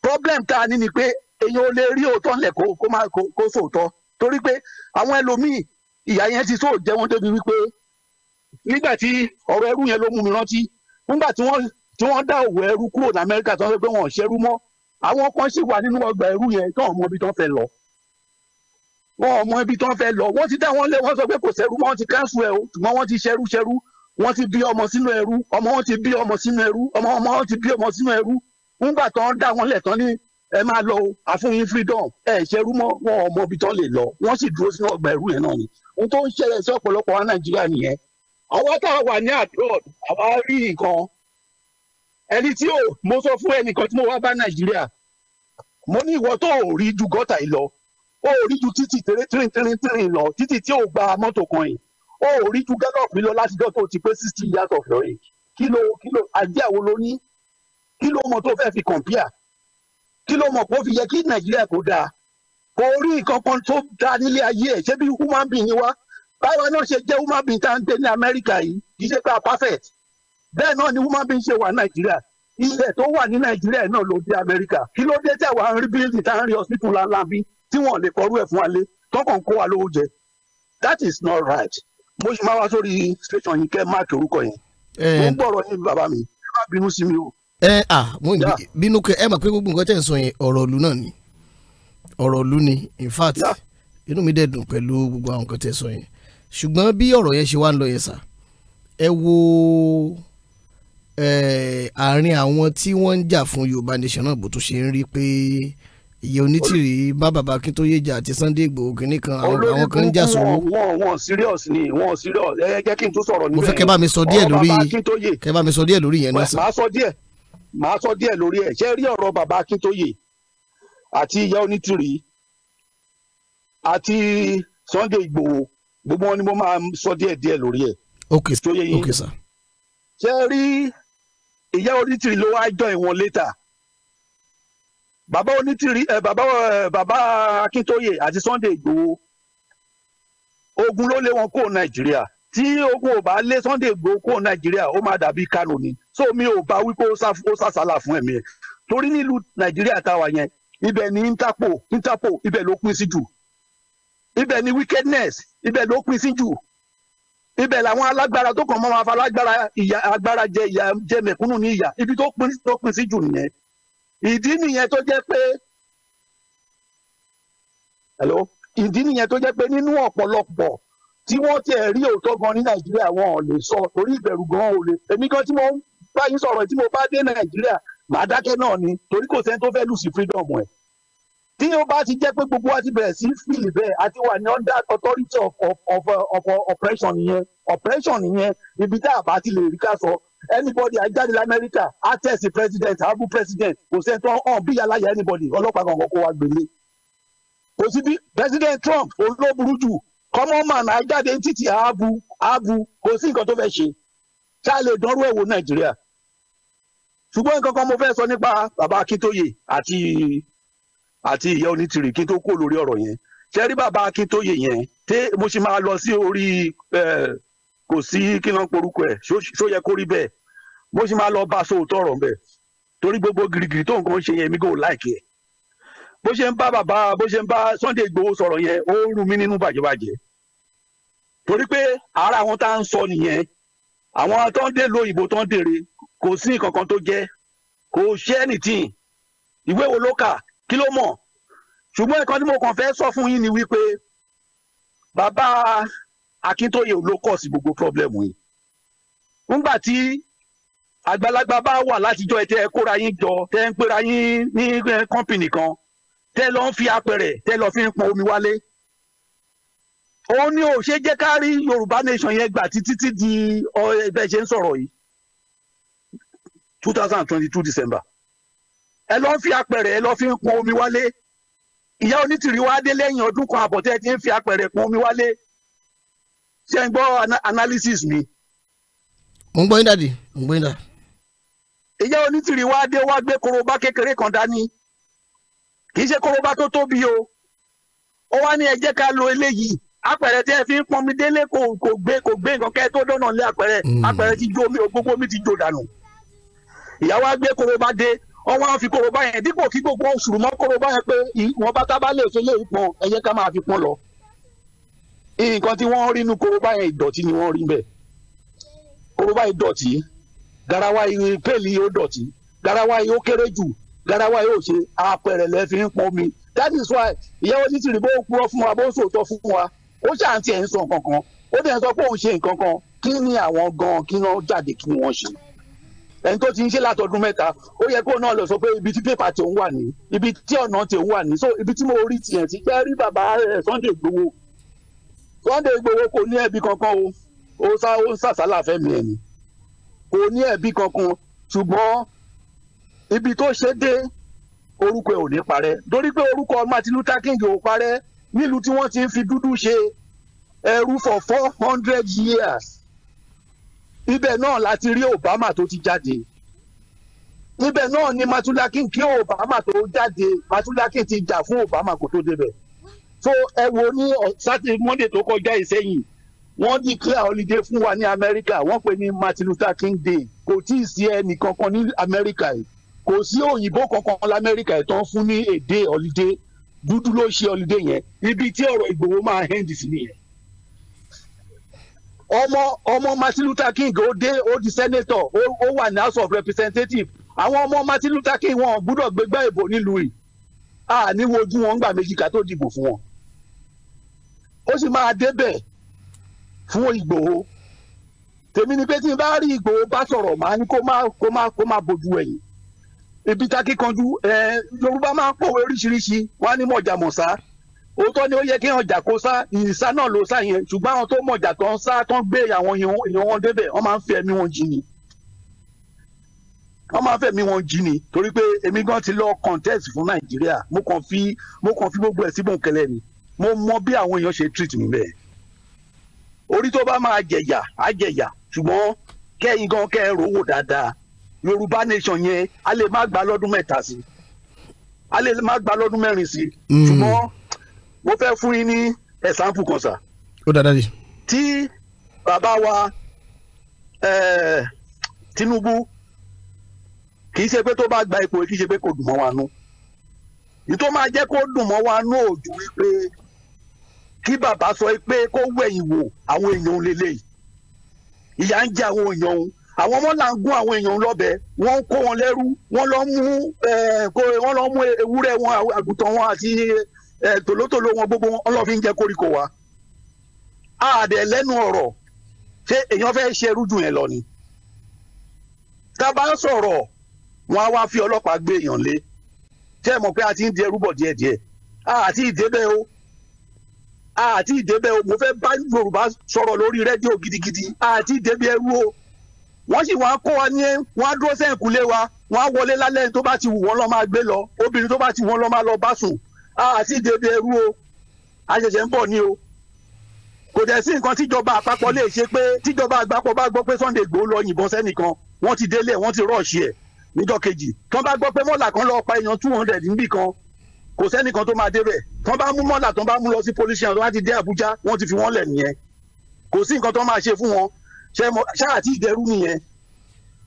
Speaker 1: problem tá a ní ni pé èèyàn ò lè rí òótọ́ ńlẹ̀ kó kó má kó sòótọ́ torí pé àwọn ẹlòmíì ìyá yẹn ti tó jẹ́ wọ́n débi wípé nígbà tí ọ̀rọ̀ ẹrú yẹn ló mú mi rántí nígbà tí wọ́n dá òwò ẹrú kúrò ní amẹ́ríkà tó ń sọ pé wọ́n ò mọ́ àwọn kan sì wà nínú ọgbà ẹrú yẹn tó ọmọ ibi tó fẹ́ lọ wọn ọmọ ibi tó fẹ́ lọ wọ́n ti dá wọn lé wọ́n sọ pé kò sẹ́rú wọ́n ti káńsù ẹ o ṣùgbọ́n wọ́n ti ṣẹrú ṣẹrú wọ́n ti bí ọmọ sínú ẹrú ọmọ wọn ti bí ọmọ sínú ẹrú ọmọ ọmọ wọn ti bí ọmọ sínú ẹrú ńgbà tán dá wọn lẹ̀ tán ní ẹ máa lọ o àfihàn freedom ẹ ṣẹrú mọ́ wọn ọmọ ibi tán lè lọ wọ́n sì dúró sínú ọgbà ẹrú yẹn náà ni ohun tó ń ṣẹlẹ̀ sí ọ̀pọ̀lọpọ̀ wa Nàìjíríà nìyẹn àwọn táwa wà ní abroad àwa ẹni tí ò mo sọ fún ẹnìkan tí mo wá bá nàìjíríà mo ní ìwọ tó ò rí ju gọ́tà yìí lọ ó rí ju títì tẹ̀rẹ̀ tẹ̀rẹ̀ tẹ̀rẹ̀ tẹ̀rẹ̀ lọ títì tí ò gba mọ́tò kan yìí ó rí ju gallop lọ láti dọ́ tó ti pé sixty years of your age kí ló kí ló àjẹ́ àwo ló ní kí ló mọ̀ tó fẹ́ fi compare kí ló mọ̀ kó fi yẹ kí nàìjíríà kó dáa kò rí nǹkan kan tó dáa nílé ayé ẹ̀ ṣé bí human being ni wá báwa náà ṣe jẹ́ human being tá à ń gbé ní amẹ́ríkà yìí kì í ṣe pé a perfect bẹ́ẹ̀ náà ni woman being ṣe wà nàìjíríà ilẹ̀ tó wà ní nàìjíríà náà ló dé amẹ́ríkà kí ló dé tẹ̀ ń rí bíríìtì tá à ń rí hospital ńláńlá bí tí wọ́n lè kọ́rú ẹ̀ fún wa tọkàn kó wa lówó jẹ that is not right mo ṣe máa wá sórí station yìí kẹ́ máàkì orúkọ yẹn mo ń gbọ́rọ̀ yín bàbá mi ẹ má bínú sí mi o.
Speaker 2: ẹ à mo ń bínú kẹ ẹ mọ̀ pé gbogbo nǹkan tẹ̀ ń sọ yẹn ọ̀rọ̀ ìlú náà ni ọ̀rọ̀ ìlú ni in fact inú mi dẹ̀ dùn pẹ̀lú gbogbo àwọn nǹkan tẹ̀ sọ yẹn ṣùgbọ́n bí ọ̀rọ̀ yẹn ṣe wá ń lọ yẹn sà ẹ wo Eh, àárín àwọn tí wọ́n ń jà fún Yorùbá Nation náà bó tó ṣe ń rí pé iye onítìrí bá bàbá Akíntóyè jà àti Sunday Ìgbòho kìíní kan àwọn kan ń jà sówó.
Speaker 1: wọn wọn serious ni wọn serious ẹ jẹ́ kí n
Speaker 2: tún sọ̀rọ̀ níbẹ̀. mo fẹ́ kẹ́ bá mi sọ díẹ̀ lórí kẹ́ bá mi sọ díẹ̀ lórí yẹn náà sir. màá
Speaker 1: sọ díẹ̀ màá sọ díẹ̀ lórí ẹ̀ ṣé rí ọ̀rọ̀ bàbá Akíntóyè àti ìyá onítìrí àti Sunday Ìgbòho gbogbo wọn ni mo máa sọ díẹ̀ díẹ̀ lórí ẹ̀.
Speaker 2: ok ok sir. ṣé
Speaker 1: rí ìyá onítìrì ló wáá jọ ìwọ̀n létà bàbá onítìrì ẹ eh, bàbá ẹ eh, bàbá akíntóyè àti sunday igbòho ogun ló lé wọn kó nàìjíríà tí ogun ò bá lé sunday igbòho kó nàìjíríà ó máa dàbí kánò ni so mi ò bá wípé ó sàsálà fún ẹ̀mí ẹ̀ torí nílùú nàìjíríà táwa yẹn ibẹ̀ ni interpol interpol ibẹ̀ ló pín sí jù ibẹ̀ ni wickedness ibẹ̀ ló pín sí jù ibẹ̀ làwọn alágbára tó kàn mọ́ wọn afalágbára ìyà agbára jẹ ìyà jẹ mẹ̀kúnnù ní ìyà ibi tó pin tó pin sí jù nìyẹn ìdí nìyẹn tó jẹ́ pé hello ìdí nìyẹn tó jẹ́ pé nínú ọ̀pọ̀lọpọ̀ tí wọ́n tiẹ̀ rí òótọ́ gan ní nàìjíríà wọn ò lè sọ torí ìbẹ̀rù gan ò lè èmi gan tí mo bá yín sọ̀rọ̀ tí mo bá dé nàìjíríà màá dákẹ́ náà ni torí kò sẹ́ni tó fẹ́ lù sí freedom ẹ̀ tí ó bá ti jẹ́ pé gbogbo wa ti bẹ̀rẹ̀ sí fìlì bẹ́ẹ̀ àti wà ní under authority of of of of oppression nìyẹn oppression nìyẹn ibi tá a bá ti lè rí ká sọ anybody ajáde lamẹ́ríkà atẹ́sí president abu president kò sẹ́ńtọ́ hàn bí aláya anybody ọlọ́pàá kankan kó wa gbélé kò sí bí president trump olóburú jù common man ajáde títí abu abu kò sí nǹkan tó fẹ́ ṣe ṣá lè dánrú ẹ̀ wò nàìjíríà ṣùgbọ́n nǹkan kan mo fẹ́ sọ nípa bàbá akíntóye àti àti ìyá onítìrì kí n tó kó lórí ọ̀rọ̀ yẹn ṣẹ́rí bàbá akíntóye yẹn tí mo ṣe máa lọ sí orí kò sí kí n náà porúkọ ẹ̀ ṣó yẹ kó rí bẹ́ẹ̀ mo ṣe máa lọ bá a sóòótọ́ ọ̀rọ̀ bẹ́ẹ̀ torí gbogbo girigiri tó nǹkan ṣe yẹn mi kò láìkí ẹ̀ bó ṣe ń bá bàbá bó ṣe ń bá Sunday Igboho sọ̀rọ̀ yẹn ó ń rú mi nínú bàjẹ́bàjẹ́ torí pé ara àwọn tá ń sọ nìyẹn àwọn tó ń dé lóyìnbó tó ń dèrè kò sí nǹkan kan tó jẹ́ kò ṣe anything ìwé wo ló kà kí ló mọ̀ ṣùgbọ́n nǹkan tí mo kàn fẹ́ sọ fún yín ni wípé bàbá Akíntóyè ló kọ̀ sí gbogbo pọ́blẹ́mù yìí nígbà tí àgbàlagbà bá wà látijọ́ ẹ tẹ́ ẹ kóra yín jọ tẹ́ ẹ ń pera yín ní kọ́mpìnì kan tẹ́ lọ ń fi apẹ̀rẹ̀ tẹ́ lọ fi ń pọn omi wálé òun ni ò ṣe jẹ́ ká Yorùbá nation yẹn gbà títí di ẹgbẹ́ ṣe ń sọ̀rọ̀ yìí two December ẹ lọ fi apẹ̀rẹ̀ ẹ lọ fi ń pọn omi wálé ìyá onítìrí wá dé lẹ́yìn ọdún kan àbọ̀ ti ń fi apẹ̀rẹ̀ pọn omi wálé ṣe ń gbọ́ analysis mi.
Speaker 2: mo ń gbọ́ yín dàdí mo ń gbọ́ yín dà.
Speaker 1: ìyá onítìrí wá dé wá gbé korobá kékeré kan dání kì í ṣe korobá tó tóbi o ó wá ní ẹ jẹ́ ká lo eléyìí apẹ̀rẹ̀ tí ẹ fi ń pọnmi délé kò kò gbé kò gbé nǹkan kẹ́ tó dọ́nà lé apẹ̀rẹ̀ hmm. apẹ̀rẹ̀ ti jó omi gbogbo omi ti jó dànù ìyàwó agbé korobá dé wọ́n wá fi kóróbá yẹn dípò kí gbogbo oṣù mọ́ kóróbá yẹn pé wọ́n bá tábà lè fi lè pọn ẹ̀yẹ ká máa fi pọn lọ. nǹkan tí wọ́n rí inú kóróbá yẹn ìdọ̀tí ni wọ́n rí bẹ́ẹ̀ kóróbá yìí dọ̀tí garawa yìí pèlì yìí ó dọ̀tí garawa yìí ó kéré jù garawa yìí ó ṣe apẹ̀rẹ̀ lẹ́ fi ń pọn mi that is why ìyàwó ní tìrìbó purọ́ fún wa bó sòótọ́ fún wa ó ṣàǹtì ẹ̀ ń sọ nǹkan kan ó dẹ̀ ń sọ pé òun ṣe nǹkan kan kí ni àwọn gan kí wọ́n jáde kí wọ́n ṣe ẹni tó ti ń ṣe látọdún mẹ́ta ó yẹ kó náà lọ sọ pé ibi tí pépà ti òun wà ní ibi tí ọ̀nà ti òun wà ní so ibi tí mo rí tiẹ̀ ti jẹ́ rí bàbá rẹ̀ eh, Sunday Igboho Sunday Igboho kò ní ẹbí kankan o ó sá ó ń sàsálà fẹ́mi ẹ̀ ni kò ní ẹbí kankan ṣùgbọ́n ibi tó ṣe dé orúkọ ẹ̀ ò ní parẹ́ torí pé orúkọ Martin Luther King ò parẹ́ nílùú tí wọ́n ti ń fi dúdú ṣe ẹrú for four hundred years ibẹ̀ náà láti rí Obama tó ti jáde ibẹ̀ náà ni Matulaki kí Obama tó jáde matulakin ti jà fún Obama kó tó débẹ̀ so ẹ wo ní sátidé Monday tó kọjá ìsẹ́yìn wọ́n declare holiday fún wa ní Amẹ́ríkà wọ́n pè ní Martin Luther King Day kò tí ì sí ẹnì kankan ní Amẹ́ríkà yìí kò sí òyìnbó kankan l'Amẹ́ríkà yìí tó ń fún ní èdè holiday dúdú ló ṣe holiday yẹn ibi tí ọ̀rọ̀ Ìgbòho máa hẹ́ndì sí nìyẹn ọmọ ọmọ Martin Luther King ó dé ó di senator ó wà ní House of Representatives àwọn ọmọ Martin Luther King wọn gbúdọ̀ gbégbá ìbò nílùú yìí a ní wojú wọn gbà méjì ká tó dìbò fún wọn ó sì máa débẹ̀ fún Ìgbòho tèmi ni pé tí n bá rí Ìgbòho bá sọ̀rọ̀ máa ní kó má kó má kó má bojú ẹ̀yìn ibi takíkanjú ẹ Yorùbá máa ń pòwe oríṣiríṣi wọn ní mọ̀jà òótọ́ ni ó yẹ kí wọn jà kó sá ìsá náà ló sá yẹn ṣùgbọ́n àwọn tó mọ̀jà tó ń sá tó ń gbé àwọn èèyàn wọn débẹ̀ wọ́n máa ń fi ẹ̀mí wọn jì ni wọ́n máa ń fẹ̀mí wọn jì ni torí pé èmi gan ti lọ contest fún nàìjíríà mo kàn fi mo kàn fi gbogbo ẹ̀ síbò kẹlẹ́ ni mo mọ bí àwọn èèyàn ṣe treat mi bẹ́ẹ̀ orí tó bá máa jẹ̀yà á jẹ̀yà ṣùgbọ́n kẹ́yìn gan kẹ́ ẹ rówó dáadáa yorùbá nation yẹn a lè má gbà lọ́dún mẹ́ta sí a lè má gbà lọ́dún mẹ́rin sí hmm. ṣùgbọ́n mo fẹ́ fún yín ní ẹ̀sánpù kan sà. ó dáadáa di. tí bàbá wa eh, Tinubu kì í ṣe pé tó bá gba ipò kì í ṣe pé kò dùn mọ́ wa nú ìtò máa jẹ́ kó dùn mọ́ wa nú òjò wípé kí bàbá sọ pé kó wẹ̀yìn wò àwọn èèyàn lélẹ̀ ìyà ń jẹ àwọn èèyàn òun àwọn ọmọ là ń gún àwọn èèyàn lọ́bẹ wọ́n ń kó wọn lẹ́rú wọ́n lọ mú eh, wọ́n lọ mú ewúrẹ́ wọn àgùntàn wọn àti tòlótòló wọn gbogbo wọn ọlọ́fin jẹ koríko wa àdẹ lẹ́nu ọ̀rọ̀ ṣé èèyàn fẹ́ ṣe irújù yẹn lọ ni tá a bá ń sọ̀rọ̀ wọn á wá fi ọlọ́pàá gbé èèyàn lé tẹ́ ẹ mọ̀ pé a ti ń di ẹrú bọ̀ díẹ̀díẹ̀ àti ìdébẹ̀ o àti ìdébẹ̀ o mo fẹ́ bá Yorùbá sọ̀rọ̀ lórí rédíò gidigidi àti ìdébẹ̀ ẹrú o wọ́n sì wá kó wa ní wọ́n á dúró sẹ́yìnkùlé wa wọ́n á wọlé lálẹ́ tó bá ti wù wọ́n lọ́ máa gbé lọ obìnrin tó bá ti wù wọ́n lọ́ máa lọ bá sùn Ah, àti dèbè ẹrú o a ṣẹ̀ṣẹ̀ ń bọ̀ ni o kò dẹ̀ sí nǹkan tíjọba àpapọ̀ lè ṣe pé tíjọba àgbàpọ̀ bá gbọ́ pé Sunday Igboho lọ yìnbọn sẹ́nìkan wọ́n ti délé wọ́n ti rọ̀ọ̀ṣì ẹ̀ níjọ́ kejì tí wọ́n bá gbọ́ pé mọ́là kan lọ pa èèyàn two hundred níbì kan kò sẹ́nìkan tó máa débẹ̀ tí wọ́n bá mú mọ́là tí wọ́n bá mú lọ sí police àti wọ́n ti dé Àbújá wọ́n ti fi wọ́n lẹ̀ nìyẹn kò sí nǹkan tó máa ṣe fún wọn ṣáà tí ìdẹrú nìyẹn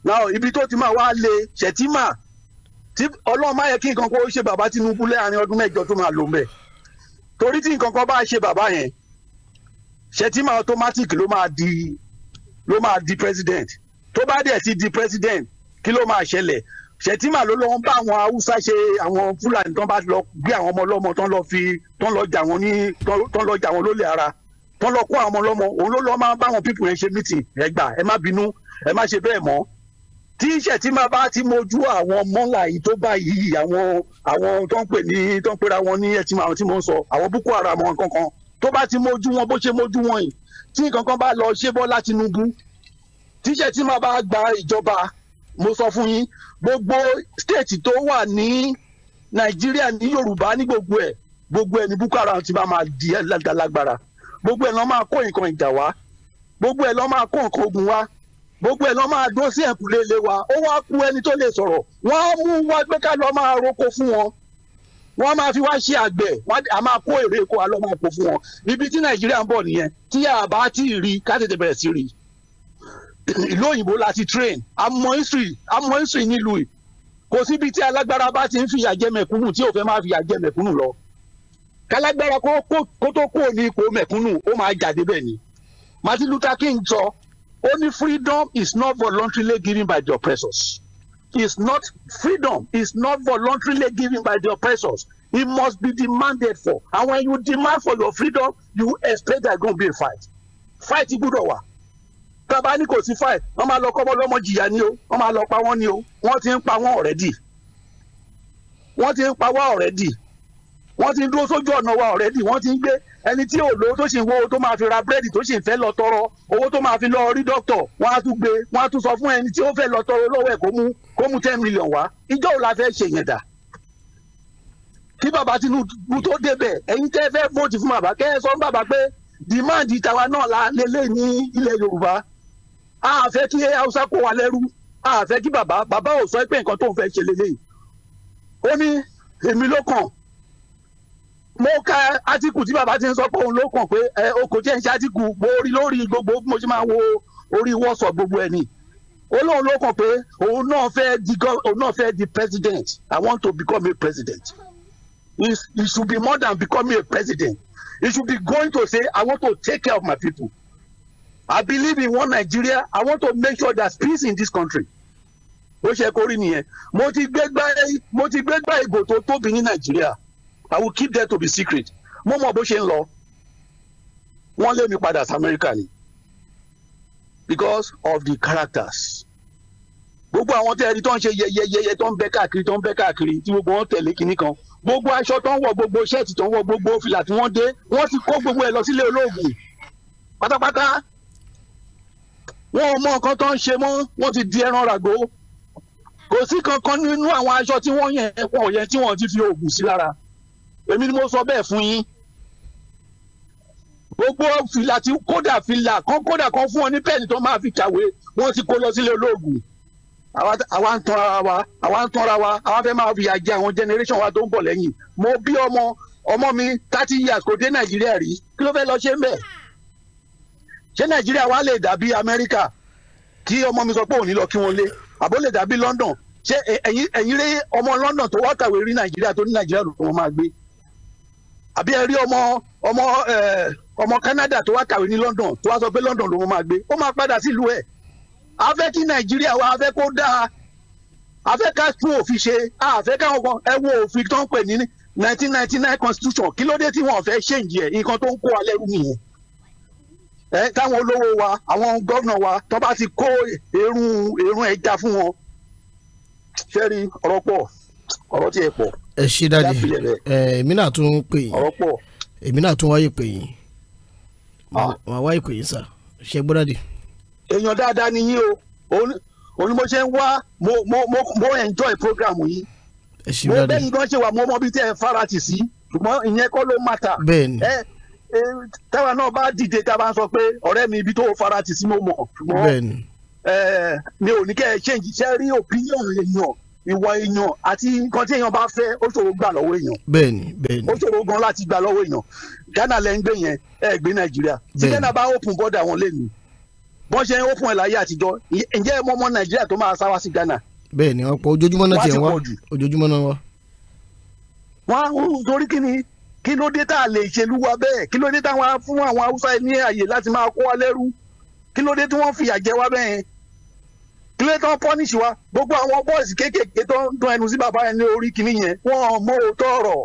Speaker 1: now ibi tó ti máa wá le ṣètìmá tí ọlọ́run má yẹ kí nǹkan kó ṣe bàbá Tinubu láàrin ọdún mẹ́jọ tó máa lò ń bẹ̀ torí tí nǹkan kan bá ṣe bàbá yẹn Shettima automatic ló máa di ló máa di president tó bá dẹ̀ ti di president kí ló máa ṣẹlẹ̀ Shettima ló lọ ń bá àwọn haúsá ṣe àwọn fúlàní tán bá lọ gbé àwọn ọmọ ọlọ́mọ tán lọ fi tán lọ jà wọn ní tán lọ jà wọn lólè ara tán lọ kó àwọn ọmọ ọlọ́mọ òun ló lọ máa bá àwọn pípù yẹn ṣe meeting ẹ ẹ má bínú ẹ má ṣe bẹ́ẹ̀ mọ́ tíṣẹ̀ tí máa bá ti mojú àwọn mọ́là yìí tó báyìí àwọn àwọn tó ń pè ní tó ń pera wọn ní ẹtí àwọn tí mo ń sọ àwọn Boko Haram kankan tó bá ti mojú wọn bó ṣe mojú wọn yìí tí kankan bá lọ ṣe Bọ́lá Tinubu tíṣẹ̀ tí máa bá gba ìjọba mo sọ fún yín gbogbo stéètì tó wà ní Nàìjíríà ní Yorùbá ní gbogbo ẹ̀ gbogbo ẹ̀ ní Boko Haram ti máa di ẹ̀ lágbára gbogbo ẹ̀ lọ́ máa kó nǹkan ìjà wá gbogbo ẹ̀ lọ́ máa kó nǹkan ogun wá gbogbo ẹ̀ lọ́ máa dún sí ẹ̀kúlé ilé wa ó wá kú ẹni tó lè sọ̀rọ̀ wọ́n á mú wá gbé ká lọ́ máa roko fún wọn wọ́n máa fi wá ṣe àgbẹ̀ a máa kó èrè kó a lọ́ máa kó fún wọn ibi tí nàìjíríà ń bọ̀ nìyẹn tí a bá ti rí ká tètè bẹ̀rẹ̀ sí rí ìlú òyìnbó láti train àmọ́ history àmọ́ history nílùú yìí kò síbi tí alágbára bá ti ń fìyà jẹ mẹ̀kúnnù tí ò fẹ́ máa fìyà jẹ mẹ̀kúnnù lọ kálágbára kó tó kúrò ní ipò mẹ̀kúnnù ó máa jáde bẹ́ẹ̀ ni Martin Luther King sọ only freedom is not voluntarily given by the oppressors is not freedom is not voluntarily given by the oppressors it must be demanded for and when you demand for your freedom you expect there go be a fight fight gbọ́dọ̀ wà bàbá ní kò sí fight wọ́n máa lọ kọ́ bọ́lọ́mọ jìyà ni o wọ́n máa lọ pa wọ́n ni o wọ́n ti ń pa wọ́n already wọ́n ti ń pa wọ́n already wọ́n ti ń dúró sójú ọ̀nà wa ọ̀rẹ́dì wọ́n ti ń gbé ẹni tí ò lówó tó sì ń wo owó tó máa fi ra búrẹ́dì tó sì ń fẹ́ lọ tọrọ owó tó máa fi lọ rí dókítọ̀ wọ́n á tún gbé wọ́n á tún sọ fún ẹni tí ó fẹ́ lọ tọrọ lọ́wọ́ ẹ̀ kó mú kó mú ten million wá ìjọ ò la fẹ́ ṣe yẹn dà kí bàbá Tinubu tó débẹ̀ ẹ̀yin tẹ́ fẹ́ vóòtì fún bàbá kẹ́ ẹ sọ fún bàbá pé demand tàwa náà la lélẹ̀ ní ilẹ̀ Yorùbá a fẹ́ kí Haúsá kó wa lẹ́rú a fẹ́ kí bàbá bàbá ò sọ pé nǹkan tó ń fẹ́ ṣe lélẹ̀ ó ní èmi ló kàn mo ka átíkù tí bàbá ti ń sọ pé òun ló kàn pé ẹ oko jẹ́ ń ṣe mo rí lórí gbogbo mo ṣe máa wo orí wọ́sọ̀ gbogbo ẹ̀ ni ló kàn pé òun náà fẹ́ di òun náà fẹ́ di president I want to become a president it, should be more than becoming a president it should be going to say I want to take care of my people I believe in one Nigeria I want to make sure there's peace in this country ó ṣe kórìí nìyẹn mo ti gbégbá mo ti gbégbá ìbò tó tóbi ní Nàìjíríà I will keep that to be secret mo mọ bó ṣe ń lọ wọ́n lé mi padà sí America ni because of the characters gbogbo àwọn tẹ́ ẹni tó ń ṣe yẹyẹyẹyẹ tó ń bẹ káàkiri tó ń bẹ káàkiri tí gbogbo wọn tẹ̀lé kinní kan gbogbo aṣọ tó ń wọ gbogbo ṣẹ́ẹ̀tì tó ń wọ gbogbo fìlà tí wọ́n dé wọ́n ti kó gbogbo ẹ̀ lọ sílé olóògùn pátápátá wọn ò mọ nǹkan tó ń ṣe mọ́ wọ́n ti di ẹran ràgó kò sí kankan nínú àwọn aṣọ tí wọ́n yẹn wọ́n yẹn tí wọ́n ti fi oògùn sí lára èmi ni mo sọ bẹ́ẹ̀ fún yín gbogbo fìlà tí kódà fìlà kan kódà kan fún ọ ní pẹ́ẹ́nì tó máa fi kàwé wọ́n ti kó lọ sílé olóògùn àwa ń tanra wa àwa ń tanra wa àwa fẹ́ máa fìyà jẹ àwọn generation wa tó ń bọ̀ lẹ́yìn mo bí ọmọ ọmọ mi thirty years kò dé nàìjíríà rí kí ló fẹ́ lọ ṣe ń bẹ̀ ṣé nàìjíríà wa lè dàbí amẹ́ríkà tí ọmọ mi sọ pé òun ní lọ kí wọ́n lé àbó lè dàbí london ṣé ẹ̀yin ẹ̀yin rí ọmọ london tó wá kàwé rí nàìjíríà tó ní nàìjíríà ló máa gbé àbí ẹ rí ọmọ ọmọ ọmọ Canada tó wá kàwé ní London tó wá sọ pé London ló máa gbé ó máa padà sílùú ẹ̀ a fẹ́ kí Nàìjíríà wa a fẹ́ kó dáa a fẹ́ ká tún òfin ṣe a fẹ́ káwọn kan ẹ wo òfin tó ń pè ní 1999 constitution kí ló dé tí wọ́n fẹ́ ṣèǹjì ẹ̀ nǹkan tó ń kó wa lẹ́rú nìyẹn ẹ táwọn olówó wa àwọn gómìnà wa tó bá ti kó èrún èrún ẹja fún wọn ṣẹ́rí ọ̀rọ̀ pọ̀ ọ̀rọ̀ tiẹ̀ pọ̀
Speaker 2: ẹ ṣe dáadé èmi náà tún ń pè yín èmi náà tún wáyé pè yín ah. màá wáyé pè yín sà ṣe gbọ́dọ̀ dé.
Speaker 1: èèyàn dáadáa ni yín o òun ni mo ṣe ń wá mo mo mo mo enjoy program yìí mo bẹ́yìn gan ṣe wà mo mọ bí tẹ́ ẹ farati sí ṣùgbọ́n ìyẹn kọ́ ló mata ẹ ẹ táwa náà bá dìde tá a bá ń sọ pé ọ̀rẹ́ mi ibi tó farati sí mo mọ̀ ṣùgbọ́n ẹ mi ò ní kẹ́ ẹ change ṣe rí opinion èèyàn ìwà èèyàn àti nǹkan tí èèyàn bá fẹ́ ó ṣòro gbà lọ́wọ́ èèyàn.
Speaker 2: bẹ́ẹ̀ni bẹ́ẹ̀ni.
Speaker 1: ó ṣòro gan láti gbà lọ́wọ́ èèyàn Ghana lẹ́ ń gbé yẹn ẹ gbé Nàìjíríà tí Ghana bá open border wọn lé ní bọ́n ṣe ń open ẹ̀ àtijọ́ ǹjẹ́ ẹ mọ ọmọ Nàìjíríà tó máa sá wá sí Ghana.
Speaker 2: bẹ́ẹ̀ni ọ̀pọ̀ ojoojúmọ́ náà tiẹ̀ wá ojoojúmọ́ náà wá. wá
Speaker 1: torí kí ni kí ló dé tá a lè ṣèlú wa bẹ́ẹ̀ kí ló dé táwọn fún wa lẹ́rú kí ló tí wọ́n fìyà jẹ wa bẹ́ẹ̀ kílé tán pọ́nìṣì wa gbogbo àwọn bọ́ọ̀sì kéékèèké tó ń dún ẹnu sí bàbá ẹni orí kìíní yẹn wọ́n mọ òótọ́ ọ̀rọ̀